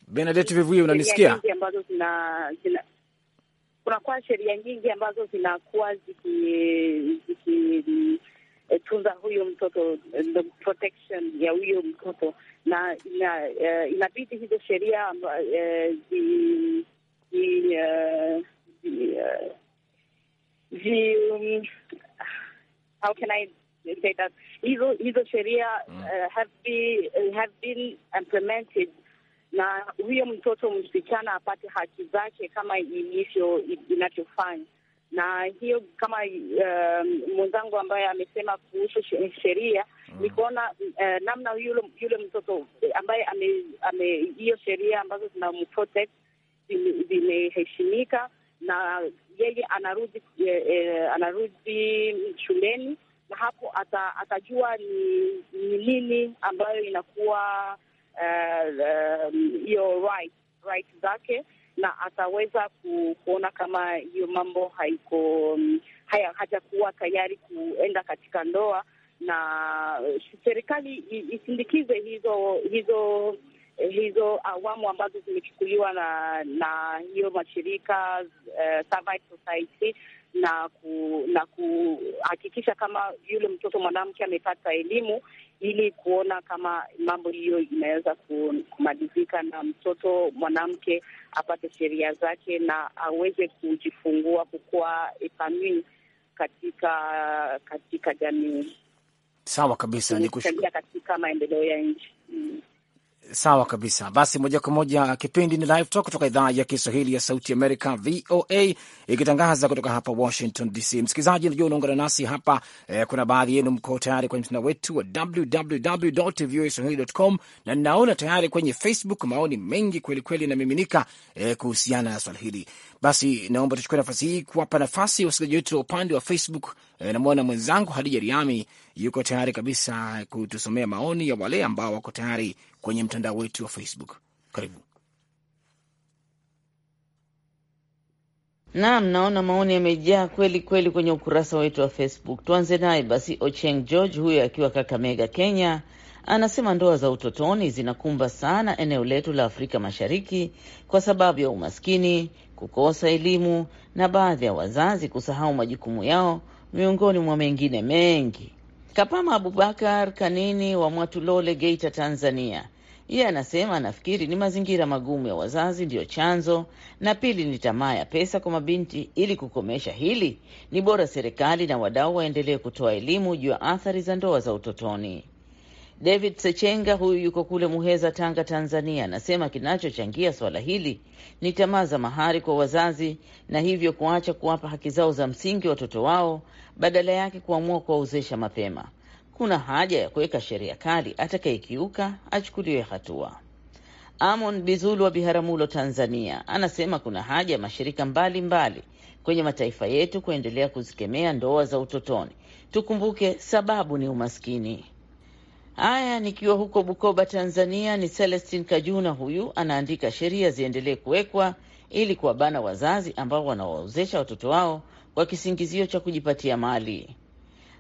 Benedete Vivuye, unanisikia? kunakuwa sheria nyingi ambazo zinakuwa zikitunza ziki, eh, huyu mtoto eh, the protection ya huyo mtoto na ina, uh, inabidi hizo sheria uh, zi, uh, zi, uh, zi, um, hizo hizo sheria uh, have, be, have been implemented na huyo mtoto msichana apate haki zake kama ilivyo inavyofanya. Na hiyo kama uh, mwenzangu ambaye amesema kuhusu sheria mm. kuona uh, namna yule, yule mtoto eh, ambaye hiyo sheria ambazo zina mprotect zimeheshimika na yeye anarudi e, e, anarudi shuleni na hapo ata, atajua ni nini ambayo inakuwa Eh, eh, hiyo uh, uh, right, right zake na ataweza kuona kama hiyo mambo haiko mm, haya, hajakuwa tayari kuenda katika ndoa, na serikali isindikize hizo hizo hizo awamu ambazo zimechukuliwa na na hiyo mashirika uh, civil society na ku, na kuhakikisha kama yule mtoto mwanamke amepata elimu ili kuona kama mambo hiyo inaweza kumalizika na mtoto mwanamke apate sheria zake na aweze kujifungua kukuwa epamii katika katika jamii. Sawa kabisa, kushukuru katika maendeleo ya nchi mm. Sawa kabisa. Basi moja kwa moja kipindi ni Live Talk kutoka idhaa ya Kiswahili ya Sauti Amerika, VOA, ikitangaza kutoka hapa Washington DC. Msikilizaji, najua unaungana nasi hapa eh, kuna baadhi yenu mko tayari kwenye mtandao wetu wa www.voaswahili.com, na ninaona tayari kwenye Facebook maoni mengi kwelikweli yanamiminika eh, kuhusiana na swala hili. Basi naomba tuchukue nafasi hii kuwapa nafasi wasikilizaji wetu wa upande wa Facebook E, namwona mwenzangu Hadija Riami yuko tayari kabisa kutusomea maoni ya wale ambao wako tayari kwenye mtandao wetu wa Facebook. Karibu. Naam, naona maoni yamejaa kweli kweli kwenye ukurasa wetu wa Facebook. Tuanze naye basi, Ocheng George huyo akiwa Kakamega, Kenya, anasema ndoa za utotoni zinakumba sana eneo letu la Afrika Mashariki kwa sababu ya umaskini, kukosa elimu na baadhi ya wazazi kusahau majukumu yao miongoni mwa mengine mengi. Kapama Abubakar Kanini wa Mwatulole, Geita, Tanzania, yeye anasema anafikiri ni mazingira magumu ya wazazi ndiyo chanzo, na pili ni tamaa ya pesa kwa mabinti. Ili kukomesha hili, ni bora serikali na wadau waendelee kutoa elimu juu ya athari za ndoa za utotoni. David Sechenga huyu yuko kule Muheza, Tanga, Tanzania, anasema kinachochangia swala hili ni tamaa za mahari kwa wazazi, na hivyo kuacha kuwapa haki zao za msingi watoto wao, badala yake kuamua kuwaozesha mapema. Kuna haja ya kuweka sheria kali, atakayekiuka achukuliwe hatua. Amon Bizulu wa Biharamulo, Tanzania, anasema kuna haja ya mashirika mbalimbali mbali kwenye mataifa yetu kuendelea kuzikemea ndoa za utotoni. Tukumbuke sababu ni umaskini. Haya, nikiwa huko Bukoba, Tanzania, ni Celestin Kajuna. Huyu anaandika sheria ziendelee kuwekwa ili kuwabana wazazi ambao wanawaozesha watoto wao kwa kisingizio cha kujipatia mali.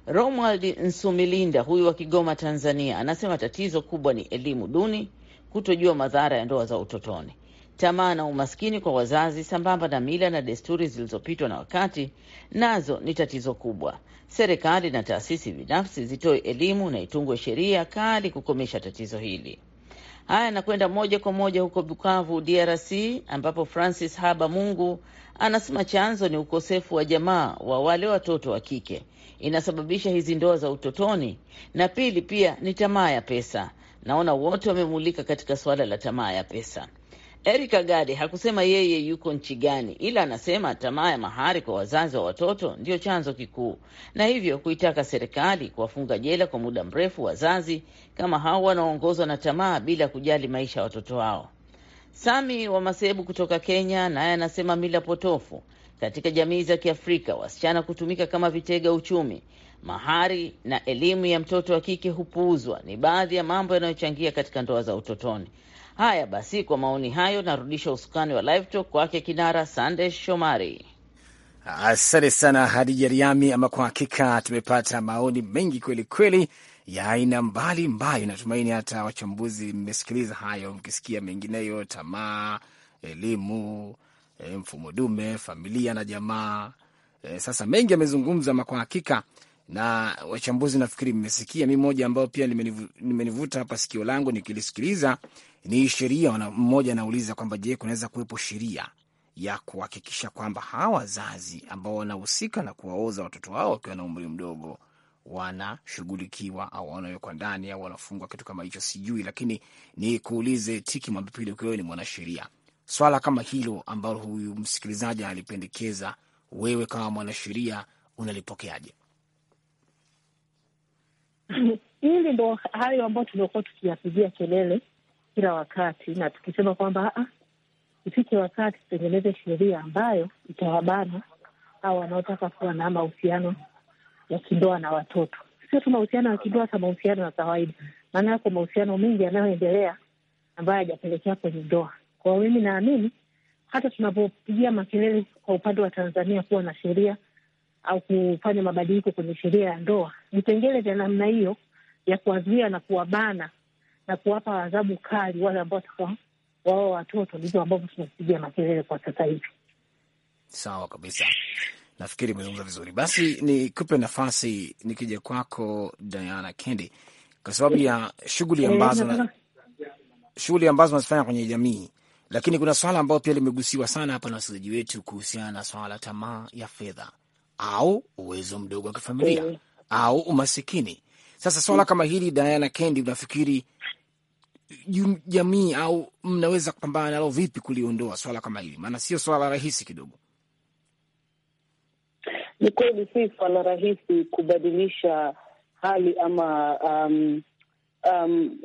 romwald Nsumilinda, huyu wa Kigoma, Tanzania, anasema tatizo kubwa ni elimu duni, kutojua madhara ya ndoa za utotoni. Tamaa na umaskini kwa wazazi sambamba na mila na desturi zilizopitwa na wakati nazo ni tatizo kubwa. Serikali na taasisi binafsi zitoe elimu na itungwe sheria kali kukomesha tatizo hili. Haya, nakwenda moja kwa moja huko Bukavu, DRC, ambapo Francis Haba Mungu anasema chanzo ni ukosefu wa jamaa wa wale watoto wa kike inasababisha hizi ndoa za utotoni, na pili pia ni tamaa ya pesa. Naona wote wamemulika katika suala la tamaa ya pesa. Eric Agade hakusema yeye yuko nchi gani, ila anasema tamaa ya mahari kwa wazazi wa watoto ndiyo chanzo kikuu, na hivyo kuitaka serikali kuwafunga jela kwa muda mrefu wazazi kama hao wanaoongozwa na tamaa bila kujali maisha ya watoto wao. Sami wa Masebu kutoka Kenya naye anasema mila potofu katika jamii za Kiafrika, wasichana kutumika kama vitega uchumi mahari na elimu ya mtoto wa kike hupuuzwa, ni baadhi ya mambo yanayochangia katika ndoa za utotoni. Haya basi, kwa maoni hayo narudisha usukani wa Live Talk kwake kinara Sande Shomari. Asante sana Hadija Riami. Ama kwa hakika tumepata maoni mengi kweli kweli ya aina mbalimbali. Natumaini hata wachambuzi mmesikiliza hayo, mkisikia mengineyo, tamaa, elimu, eh, mfumo dume, familia na jamaa. Eh, sasa mengi yamezungumza, ama kwa hakika na wachambuzi nafikiri mmesikia. Mi moja ambayo pia limenivuta hapa sikio langu nikilisikiliza ni sheria. Mmoja anauliza kwamba je, kunaweza kuwepo sheria ya kuhakikisha kwamba hawa wazazi ambao wanahusika na kuwaoza watoto wao wakiwa na umri mdogo wanashughulikiwa au wanawekwa ndani au wanafungwa, kitu kama hicho sijui, lakini ni kuulize Tiki Mwambipili ukiwa ni mwanasheria, swala kama hilo ambalo huyu msikilizaji alipendekeza, wewe kama mwanasheria unalipokeaje? *laughs* hili ndo hayo ambayo tumekuwa tukiyapigia kelele kila wakati na tukisema kwamba ah, ifike wakati tutengeneze sheria ambayo itawabana au wanaotaka kuwa na mahusiano ya kindoa na watoto, sio tu mahusiano ya kindoa, hata mahusiano ya kawaida. Maana yako mahusiano mengi yanayoendelea ambayo hajapelekea kwenye ndoa. Kwa mimi naamini hata tunapopigia makelele kwa upande wa Tanzania kuwa na sheria au kufanya mabadiliko kwenye sheria ya ndoa, vipengele vya namna hiyo ya kuwazuia na kuwabana na kuwapa adhabu kali wale ambao watakuwa wao watoto, ndivyo ambavyo tunapigia makelele kwa sasa hivi. Sawa kabisa, nafikiri umezungumza vizuri. Basi nikupe nafasi nikija kwako Diana Kendi, kwa sababu ya shughuli eh, ambazo na shughuli ambazo nazifanya kwenye jamii, lakini kuna swala ambayo pia limegusiwa sana hapa na wasikilizaji wetu kuhusiana na swala la tamaa ya fedha au uwezo mdogo wa kifamilia mm, au umasikini. Sasa swala mm, kama hili Diana Kendi, unafikiri jamii au mnaweza kupambana nalo vipi kuliondoa swala kama hili? Maana sio swala rahisi kidogo. Ni kweli si swala rahisi kubadilisha hali ama um, um,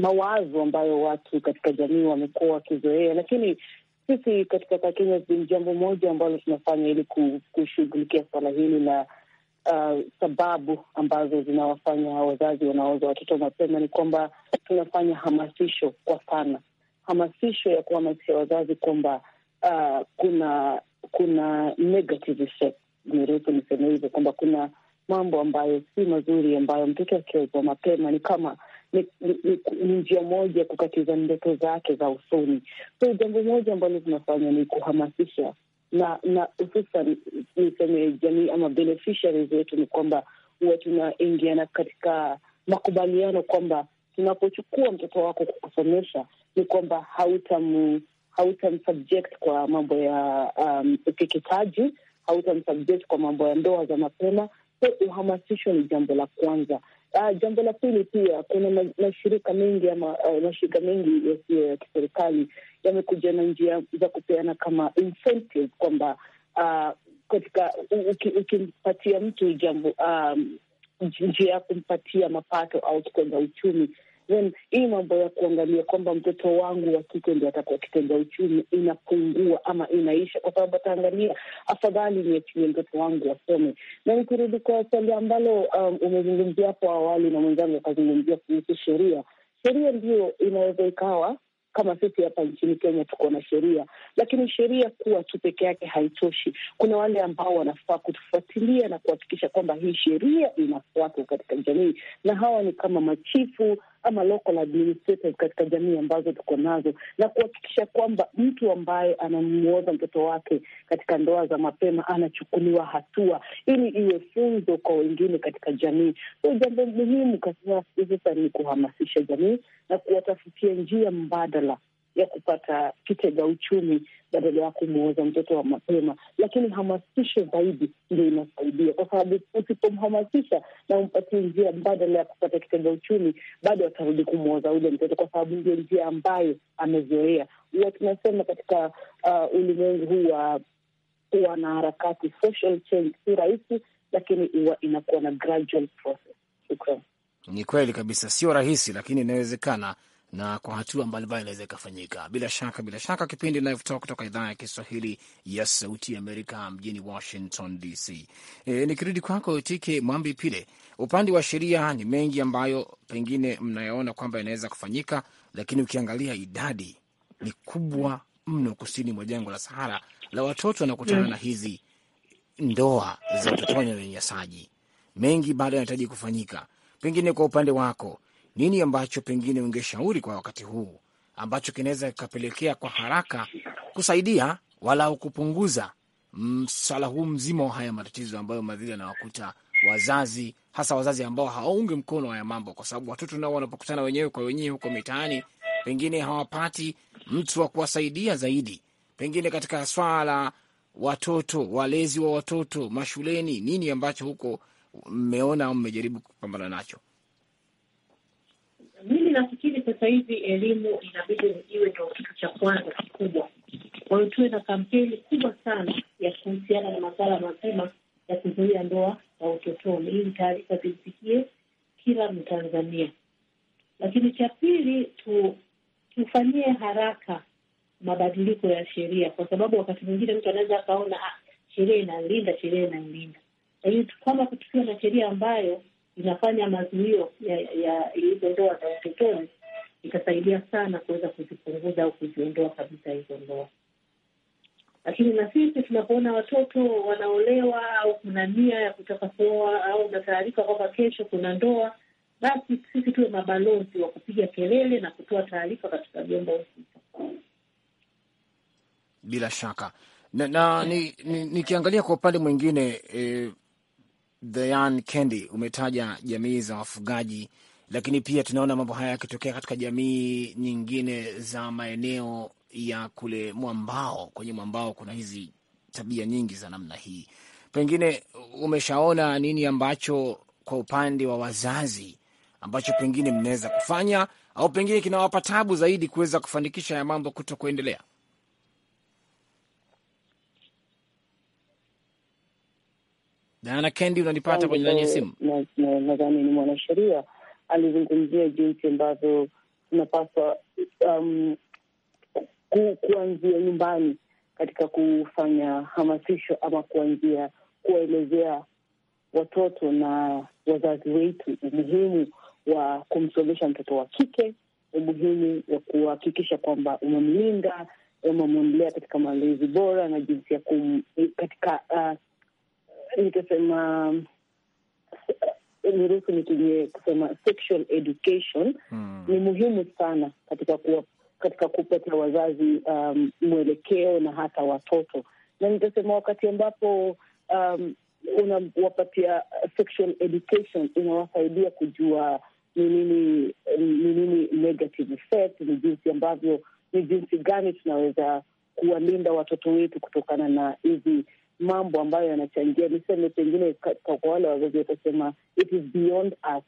mawazo ambayo watu katika jamii wamekuwa wakizoea, lakini sisi katika Kenya ni jambo moja ambalo tunafanya ili kushughulikia swala hili na uh, sababu ambazo zinawafanya wazazi wanaoza watoto mapema ni kwamba tunafanya hamasisho kwa sana, hamasisho ya kuhamasisha wazazi kwamba uh, kuna kuna negative effect, niruhusu niseme hivyo, kwamba kuna mambo ambayo si mazuri, ambayo mtoto akiozwa mapema ni kama ni, ni, ni, ni njia moja ya kukatiza ndoto zake za usoni. So jambo moja ambalo tunafanya ni kuhamasisha na na hususan niseme jamii ama beneficiaries wetu, ni kwamba huwa tunaingiana katika makubaliano kwamba tunapochukua mtoto wako kukusomesha ni kwamba hautam hautamsubject kwa mambo ya um, ukeketaji, hautamsubject kwa mambo ya ndoa za mapema, uhamasisho ni jambo la kwanza. Uh, jambo la pili pia kuna mashirika mengi ama uh, mashirika mengi yasiyo ya kiserikali yamekuja na njia za kupeana kama incentive kwamba uh, katika ukimpatia uki mtu jambo um, njia ya kumpatia mapato au kwenda uchumi then hii mambo ya kuangalia kwamba mtoto wangu wa kike ndio atakuwa kitenda uchumi inapungua ama inaisha, kwa sababu ataangalia afadhali niachie mtoto wangu wasome. Na nikirudi kwa swali ambalo um, umezungumzia hapo awali na mwenzangu akazungumzia kuhusu sheria, sheria ndiyo inaweza ikawa kama sisi hapa nchini Kenya tuko na sheria, lakini sheria kuwa tu peke yake haitoshi. Kuna wale ambao wanafaa kutufuatilia na kuhakikisha kwamba hii sheria inafuatwa katika jamii, na hawa ni kama machifu, ama local administrators katika jamii ambazo tuko nazo, na kuhakikisha kwamba mtu ambaye anamuoza mtoto wake katika ndoa za mapema anachukuliwa hatua, ili iwe funzo kwa wengine katika jamii. So jambo muhimu katika sasa ni kuhamasisha jamii na kuwatafutia njia mbadala ya kupata kitega uchumi badala ya kumwoza mtoto wa mapema, lakini hamasisho zaidi ndio inasaidia, kwa sababu usipomhamasisha na umpatie njia mbadala ya kupata kitega uchumi, bado atarudi kumwoza ule mtoto, kwa sababu ndio njia ambayo amezoea. Huwa tunasema katika uh, ulimwengu huu wa wanaharakati, social change si rahisi, lakini huwa inakuwa na gradual process. Ni kweli kabisa, sio rahisi, lakini inawezekana na kwa hatua mbalimbali inaweza ikafanyika. Bila shaka, bila shaka, kipindi Live Talk kutoka idhaa ya Kiswahili ya Sauti ya Amerika mjini Washington DC. E, nikirudi kwako Tike Mwambi Pile, upande wa sheria ni mengi ambayo pengine mnayoona kwamba inaweza kufanyika, lakini ukiangalia idadi ni kubwa mno kusini mwa jangwa la Sahara la watoto wanakutana mm, na hizi ndoa za utotoni na unyanyasaji. Mengi bado yanahitaji kufanyika, pengine kwa upande wako nini ambacho pengine ungeshauri kwa wakati huu ambacho kinaweza kikapelekea kwa haraka kusaidia walau kupunguza msala huu mzima wa haya matatizo ambayo madhila yanawakuta wazazi, hasa wazazi ambao hawaungi mkono haya mambo, kwa sababu watoto nao wanapokutana wenyewe kwa wenyewe huko mitaani, pengine hawapati mtu wa kuwasaidia zaidi, pengine katika swala watoto, walezi wa watoto mashuleni. Nini ambacho huko mmeona au mmejaribu kupambana nacho? sasa hivi elimu inabidi iwe ndo kitu cha kwanza kikubwa. Kwa hiyo tuwe na kampeni kubwa sana ya kuhusiana na masuala mazima ya kuzuia ndoa za utotoni, ili taarifa zimfikie kila Mtanzania. Lakini cha pili tu, tufanyie haraka mabadiliko ya sheria, kwa sababu wakati mwingine mtu anaweza akaona ah, sheria inalinda, sheria inalinda, lakini kama tukiwa na sheria ambayo inafanya mazuio ya hizo ndoa za utotoni itasaidia sana kuweza kuzipunguza au kuziondoa kabisa hizo ndoa. Lakini na sisi tunapoona watoto wanaolewa au kuna nia ya kutaka kuoa au na taarifa kwamba kesho kuna ndoa, basi sisi tuwe mabalozi wa kupiga kelele na kutoa taarifa katika vyombo husika, bila shaka na, na nikiangalia ni, ni kwa upande mwingine eh, Dayan Kendi, umetaja jamii za wafugaji lakini pia tunaona mambo haya yakitokea katika jamii nyingine za maeneo ya kule mwambao. Kwenye mwambao kuna hizi tabia nyingi za namna hii. Pengine umeshaona nini ambacho kwa upande wa wazazi ambacho pengine mnaweza kufanya au pengine kinawapa tabu zaidi kuweza kufanikisha ya mambo kuto kuendelea? Dana Kendi, unanipata kwenye laini ya simu? Nadhani ni mwanasheria alizungumzia jinsi ambavyo tunapaswa um, ku, kuanzia nyumbani katika kufanya hamasisho ama kuanzia kuwaelezea watoto na wazazi wetu umuhimu wa kumsomesha mtoto wa kike, umuhimu wa kuhakikisha kwamba umemlinda ama umemlea katika malezi bora na jinsi ya kum, katika uh, nitasema niruhusu nitumie kusema sexual education hmm. ni muhimu sana katika kuwa, katika kupatia wazazi um, mwelekeo na hata watoto, na nitasema wakati ambapo um, unawapatia sexual education inawasaidia kujua ni nini ni nini negative effect, ni jinsi ambavyo ni jinsi gani tunaweza kuwalinda watoto wetu kutokana na hizi mambo ambayo yanachangia, niseme pengine kwa wale wazazi watasema it is beyond us,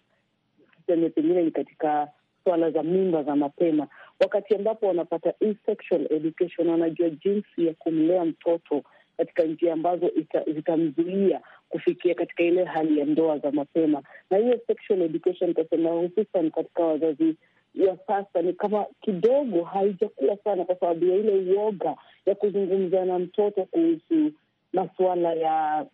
tuseme pengine ni katika swala za mimba za mapema, wakati ambapo wanapata sexual education, wanajua jinsi ya kumlea mtoto katika njia ambazo zitamzuia kufikia katika ile hali ya ndoa za mapema. Na hiyo sexual education hususan katika wazazi ya sasa ni kama kidogo haijakuwa sana, kwa sababu ya ile uoga ya kuzungumza na mtoto kuhusu masuala ya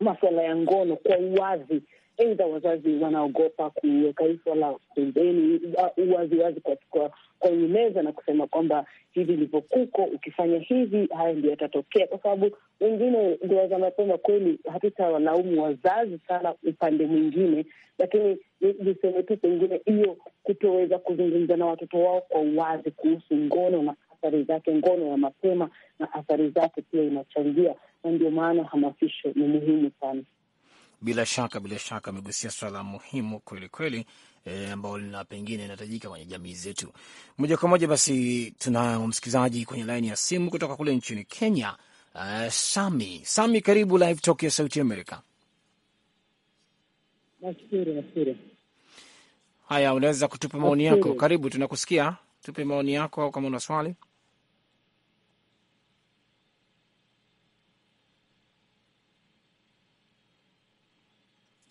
masuala ya ngono kwa uwazi. Aidha, wazazi wanaogopa kuweka hii swala pembeni uh, uwazi wazi kwa kwenye meza na kusema kwamba hivi ndivyo kuko, ukifanya hivi haya ndio yatatokea, kwa sababu wengine ndio za mapema kweli. Hatutawalaumu wazazi sana upande mwingine, lakini niseme tu pengine hiyo kutoweza kuzungumza na watoto wao kwa uwazi kuhusu ngono na athari zake, ngono ya mapema na athari zake pia inachangia, na ndio maana hamasisho ni muhimu sana. Bila shaka, bila shaka amegusia swala muhimu kweli kweli eh, ambao e, lina pengine inahitajika kwenye jamii zetu. Moja kwa moja basi, tuna msikilizaji kwenye laini ya simu kutoka kule nchini Kenya. Uh, Sami, Sami, karibu Live Talk ya Sauti Amerika. Haya, unaweza kutupa maoni yako? Karibu, tunakusikia. Tupe maoni yako au kama una swali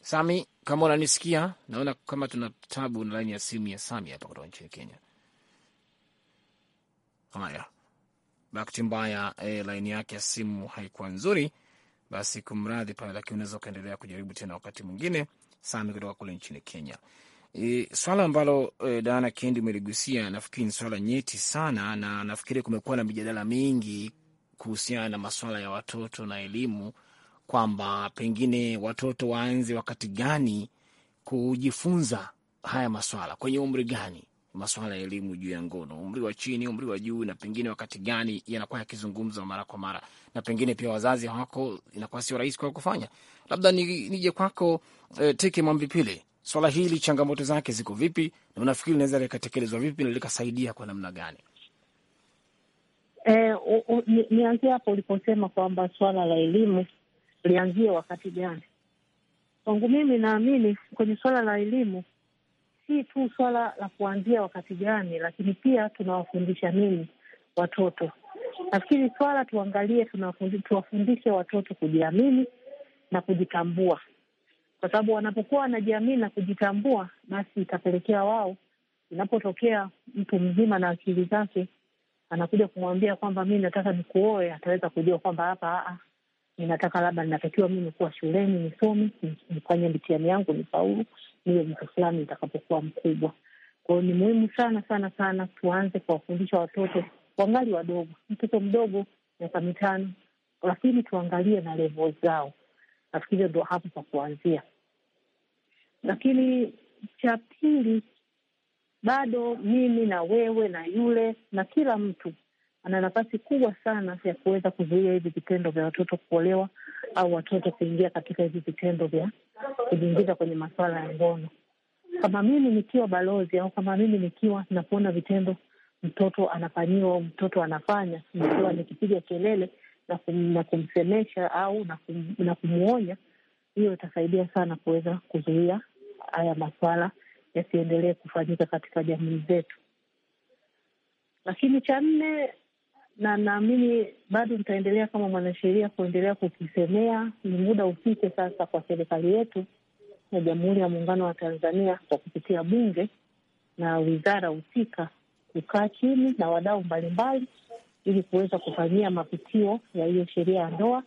Sami, kama unanisikia, naona kama tuna tabu na laini ya simu ya Sami hapa kutoka nchini Kenya. Haya, bahati mbaya e, laini yake ya simu haikuwa nzuri, basi kumradhi pale, lakini unaweza ukaendelea kujaribu tena wakati mwingine, Sami kutoka kule nchini Kenya. E, swala ambalo e, Diana Kendi umeligusia nafikiri ni swala nyeti sana, na nafikiri kumekuwa na mijadala mingi kuhusiana na maswala ya watoto na elimu kwamba pengine watoto waanze wakati gani kujifunza haya maswala, kwenye umri gani maswala ya elimu juu ya ngono, umri wa chini, umri wa juu, na pengine wakati gani yanakuwa yakizungumzwa mara kwa mara, na pengine pia wazazi wako inakuwa sio rahisi kwao kufanya. Labda nije kwako eh, Teke Mwambipile, swala hili changamoto zake ziko vipi, na unafikiri linaweza likatekelezwa vipi na likasaidia kwa namna gani? Eh, nianzie hapo uliposema kwamba swala la elimu lianzie wakati gani? Kwangu mimi, naamini kwenye suala la elimu si tu swala la kuanzia wakati gani, lakini pia tunawafundisha nini watoto. Nafikiri swala tuangalie, tuwafundishe watoto kujiamini na kujitambua, kwa sababu wanapokuwa wanajiamini na kujitambua, basi itapelekea wao, inapotokea mtu mzima na akili zake anakuja kumwambia kwamba mi nataka nikuoe, ataweza kujua kwamba hapa ninataka labda, ninatakiwa mi nikuwa shuleni nisome, nifanye mitiani yangu, nifaulu, niwe mtu fulani nitakapokuwa mkubwa. Kwa hiyo ni muhimu sana sana sana tuanze kuwafundisha watoto wangali wadogo. Mtoto mdogo miaka mitano, lakini tuangalie na levo zao. Nafikiri ndo hapo pa kuanzia. Lakini cha pili, bado mimi na wewe na yule na kila mtu ana nafasi kubwa sana ya kuweza kuzuia hivi vitendo vya watoto kuolewa au watoto kuingia katika hivi vitendo vya kujiingiza kwenye masuala ya ngono. Kama mimi nikiwa balozi au kama mimi nikiwa napoona vitendo mtoto anafanyiwa au mtoto anafanya, nikiwa nikipiga kelele na, kum, na kumsemesha au na, kum, na kumwonya, hiyo itasaidia sana kuweza kuzuia haya maswala yasiendelee kufanyika katika jamii zetu. Lakini cha nne na naamini bado nitaendelea kama mwanasheria kuendelea kukisemea. Ni muda ufike sasa kwa serikali yetu ya Jamhuri ya Muungano wa Tanzania kwa kupitia Bunge na wizara husika kukaa chini na wadau mbalimbali ili kuweza kufanyia mapitio ya hiyo sheria ya ndoa,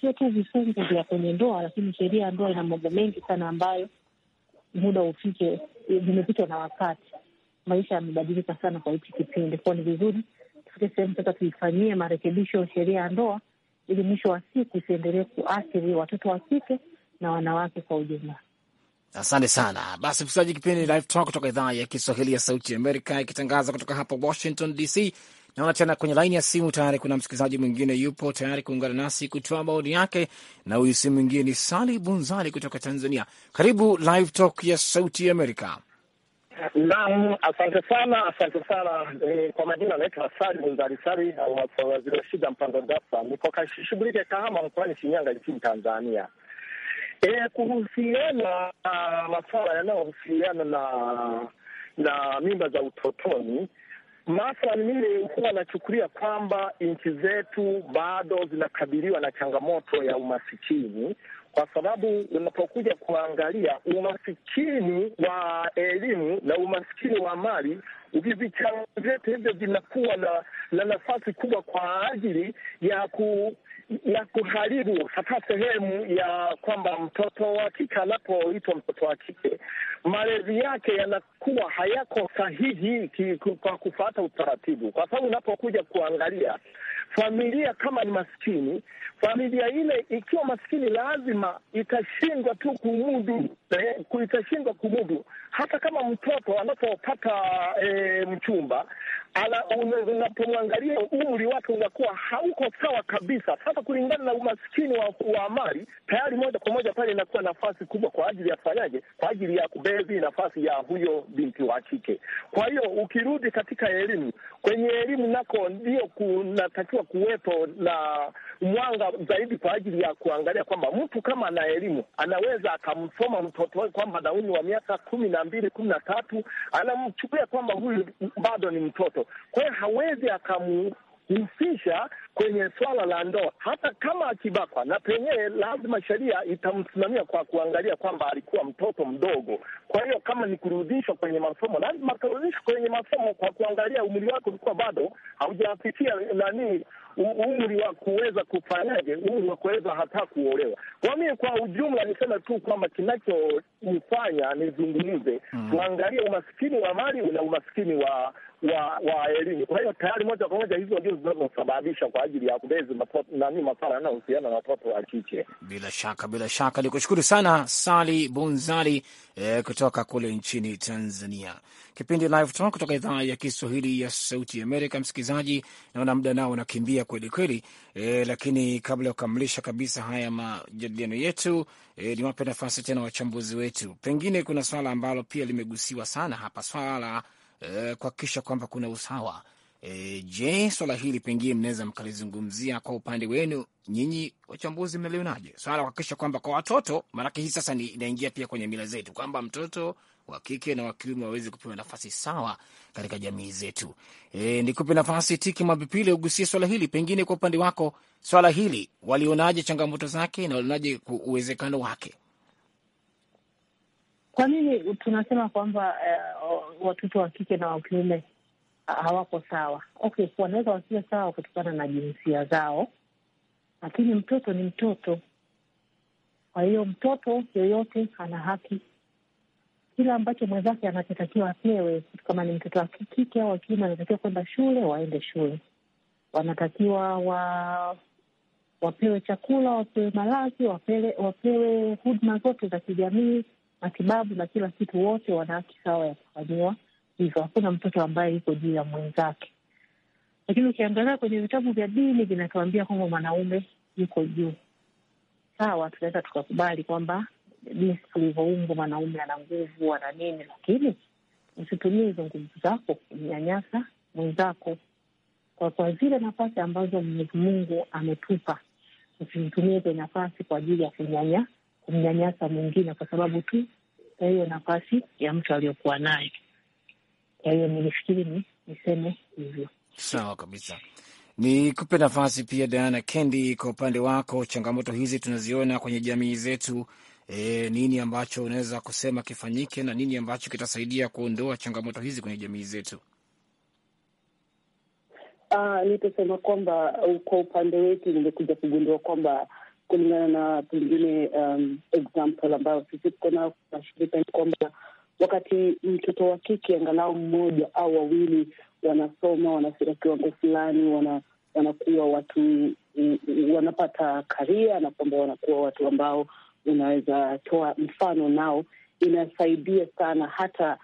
sio tu vifungu vya kwenye ndoa, lakini sheria ya ndoa ina mambo mengi sana ambayo muda ufike, vimepitwa na wakati. Maisha yamebadilika sana kwa hichi kipindi, kwao. ni vizuri tutafute sehemu sasa tuifanyie marekebisho sheria ya ndoa, ili mwisho wa siku isiendelee kuathiri watoto wa kike na wanawake kwa ujumla. Asante sana. Basi msikilizaji, kipindi Live Talk kutoka idhaa ya Kiswahili ya Sauti Amerika ikitangaza kutoka hapa Washington DC. Naona tena kwenye laini ya simu tayari kuna msikilizaji mwingine yupo tayari kuungana nasi kutoa maoni yake, na huyu simu mwingine ni Sali Bunzali kutoka Tanzania. Karibu Live Talk ya Sauti Amerika. Naam, asante sana, asante sana. e, kwa majina anaitwa Sari Mzarisari, waziri wa shida mpanda DASA, niko kashughulike Kahama mkoani Shinyanga nchini Tanzania. E, kuhusiana na masuala yanayohusiana na na mimba za utotoni Mathalani, mile huwa nachukulia kwamba nchi zetu bado zinakabiliwa na changamoto ya umasikini, kwa sababu unapokuja kuangalia umasikini wa elimu na umasikini wa mali vivichama vyote hivyo vinakuwa na, na nafasi kubwa kwa ajili ya ku, na kuharibu hata sehemu ya kwamba mtoto wa kike anapoitwa mtoto wa kike, malezi yake yanakuwa hayako sahihi kwa kufuata utaratibu, kwa sababu unapokuja kuangalia familia kama ni maskini, familia ile ikiwa maskini lazima itashindwa tu kumudu, eh, itashindwa kumudu hata kama mtoto anapopata eh, mchumba unapomwangalia umri wake unakuwa hauko sawa kabisa. Sasa kulingana na umaskini wa, wa tayari moja kwa moja pale inakuwa nafasi kubwa kwa ajili ya kufanyaje, kwa ajili ya kubezi nafasi ya huyo binti wa kike. Kwa hiyo ukirudi katika elimu, kwenye elimu nako ndio kunatakiwa kuwepo na mwanga zaidi kwa ajili ya kuangalia kwamba mtu kama ana elimu anaweza akamsoma mtoto wake kwamba umri wa miaka kumi na mbili kumi na tatu anamchukulia kwamba huyu bado ni mtoto, kwa hiyo hawezi akamhusisha kwenye swala la ndoa, hata kama akibakwa, na penyewe lazima sheria itamsimamia kwa kuangalia kwamba alikuwa mtoto mdogo. Kwa hiyo kama ni kurudishwa kwenye masomo, lazima akarudishwa kwenye masomo kwa kuangalia umri wake ulikuwa bado haujafikia nani, umri wa kuweza kufanyaje, umri wa kuweza hata kuolewa. Kwa mimi, kwa ujumla niseme tu kwamba kinachonifanya nizungumze, hmm. tuangalie mm, umaskini wa mali na umaskini wa wa, wa elimu. Kwa hiyo tayari moja kwa moja hizo ndio zinazosababisha kwa ajili ya kubezi nani masala yanayohusiana na watoto wa kike. Bila shaka, bila shaka ni kushukuru sana Sali Bunzali eh, kutoka kule nchini Tanzania. Kipindi Live Talk kutoka idhaa ya Kiswahili ya Sauti Amerika. Msikilizaji, naona muda nao unakimbia kweli kweli, eh, lakini kabla ya kukamilisha kabisa haya majadiliano yetu eh, niwape nafasi tena wachambuzi wetu. Pengine kuna swala ambalo pia limegusiwa sana hapa, swala la eh, kuhakikisha kwamba kuna usawa E, je, swala hili pengine mnaweza mkalizungumzia kwa upande wenu nyinyi wachambuzi, mnalionaje swala kuhakikisha kwamba kwa watoto, maanake hii sasa inaingia pia kwenye mila zetu kwamba mtoto wa kike na wa kiume waweze kupewa nafasi sawa katika jamii zetu. E, nikupe nafasi Tiki Mabipile ugusie swala hili, pengine kwa upande wako swala hili walionaje changamoto zake na walionaje uwezekano wake? Kwa nini tunasema kwamba uh, watoto wa kike na wa kiume hawako sawa. Okay, wanaweza wasiwe sawa kutokana na jinsia zao, lakini mtoto ni mtoto. Kwa hiyo mtoto yoyote ana haki kila ambacho mwenzake anachotakiwa apewe. Kama ni mtoto wa kike au wa kiume, anatakiwa kwenda shule, waende shule, wanatakiwa wa wapewe chakula, wapewe malazi, wapewe, wapewe huduma zote za kijamii, matibabu na kila kitu. Wote wana haki sawa ya kufanyiwa hivyo. hakuna mtoto ambaye yuko juu ya mwenzake. Lakini ukiangalia kwenye vitabu vya dini vinatuambia kwamba mwanaume yuko juu. Sawa, tunaweza tukakubali kwamba jinsi tulivyoumbwa mwanaume ana nguvu, ana nini, lakini usitumie hizo nguvu zako kumnyanyasa mwenzako kwa, kwa zile nafasi ambazo Mwenyezi Mungu ametupa. usitumie hizo nafasi kwa ajili ya kumnyanyasa mwingine kwa sababu tu ya hiyo nafasi ya mtu aliyokuwa naye. Kwa hiyo nilifikiri ni niseme hivyo. Sawa kabisa. Ni kupe nafasi pia Diana Kendi, kwa upande wako, changamoto hizi tunaziona kwenye jamii zetu. E, nini ambacho unaweza kusema kifanyike na nini ambacho kitasaidia kuondoa changamoto hizi kwenye jamii zetu? Ah, nitasema kwamba uh, kwa upande wetu nimekuja kugundua kwamba kulingana na pengine um, example ambayo sisi tuko nayo mashirika ni kwamba wakati mtoto wa kike angalau mmoja au wawili wanasoma, wanafika kiwango fulani, wana, wanakuwa watu wanapata karia na kwamba wanakuwa watu ambao unaweza toa mfano nao, inasaidia sana hata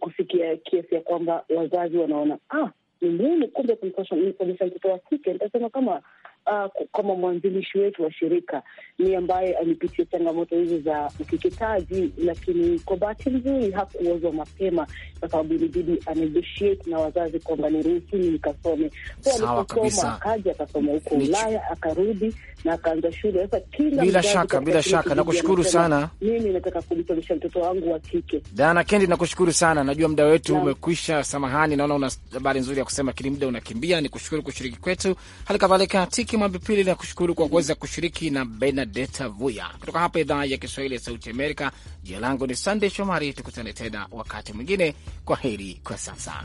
kufikia kiasi ya kwamba wazazi wanaona ah, ni muhimu kumbe kumsomesha mtoto wa kike. Nitasema kama uh, kama mwanzilishi wetu wa shirika ni ambaye alipitia changamoto hizo za ukeketaji, lakini kwa bahati nzuri hakuozwa mapema, kwa sababu ilibidi anegotiate na wazazi kwamba niruhusuni nikasome. So aliposoma akaja akasoma huko Ulaya, akarudi na akaanza shule. Sasa kila bila shaka, bila shaka, nakushukuru sana. Mimi nataka kumsomesha mtoto wangu wa kike. Dana Kendi, nakushukuru sana, najua muda wetu na umekwisha. Samahani, naona una habari nzuri ya kusema, lakini muda unakimbia. Ni kushukuru kushiriki kwetu, hali kadhalika tiki mambo pili na kushukuru kwa kuweza kushiriki na Benadeta Vuya kutoka hapa idhaa ya Kiswahili ya Sauti Amerika. Jina langu ni Sandey Shomari, tukutane tena wakati mwingine. Kwa heri kwa sasa.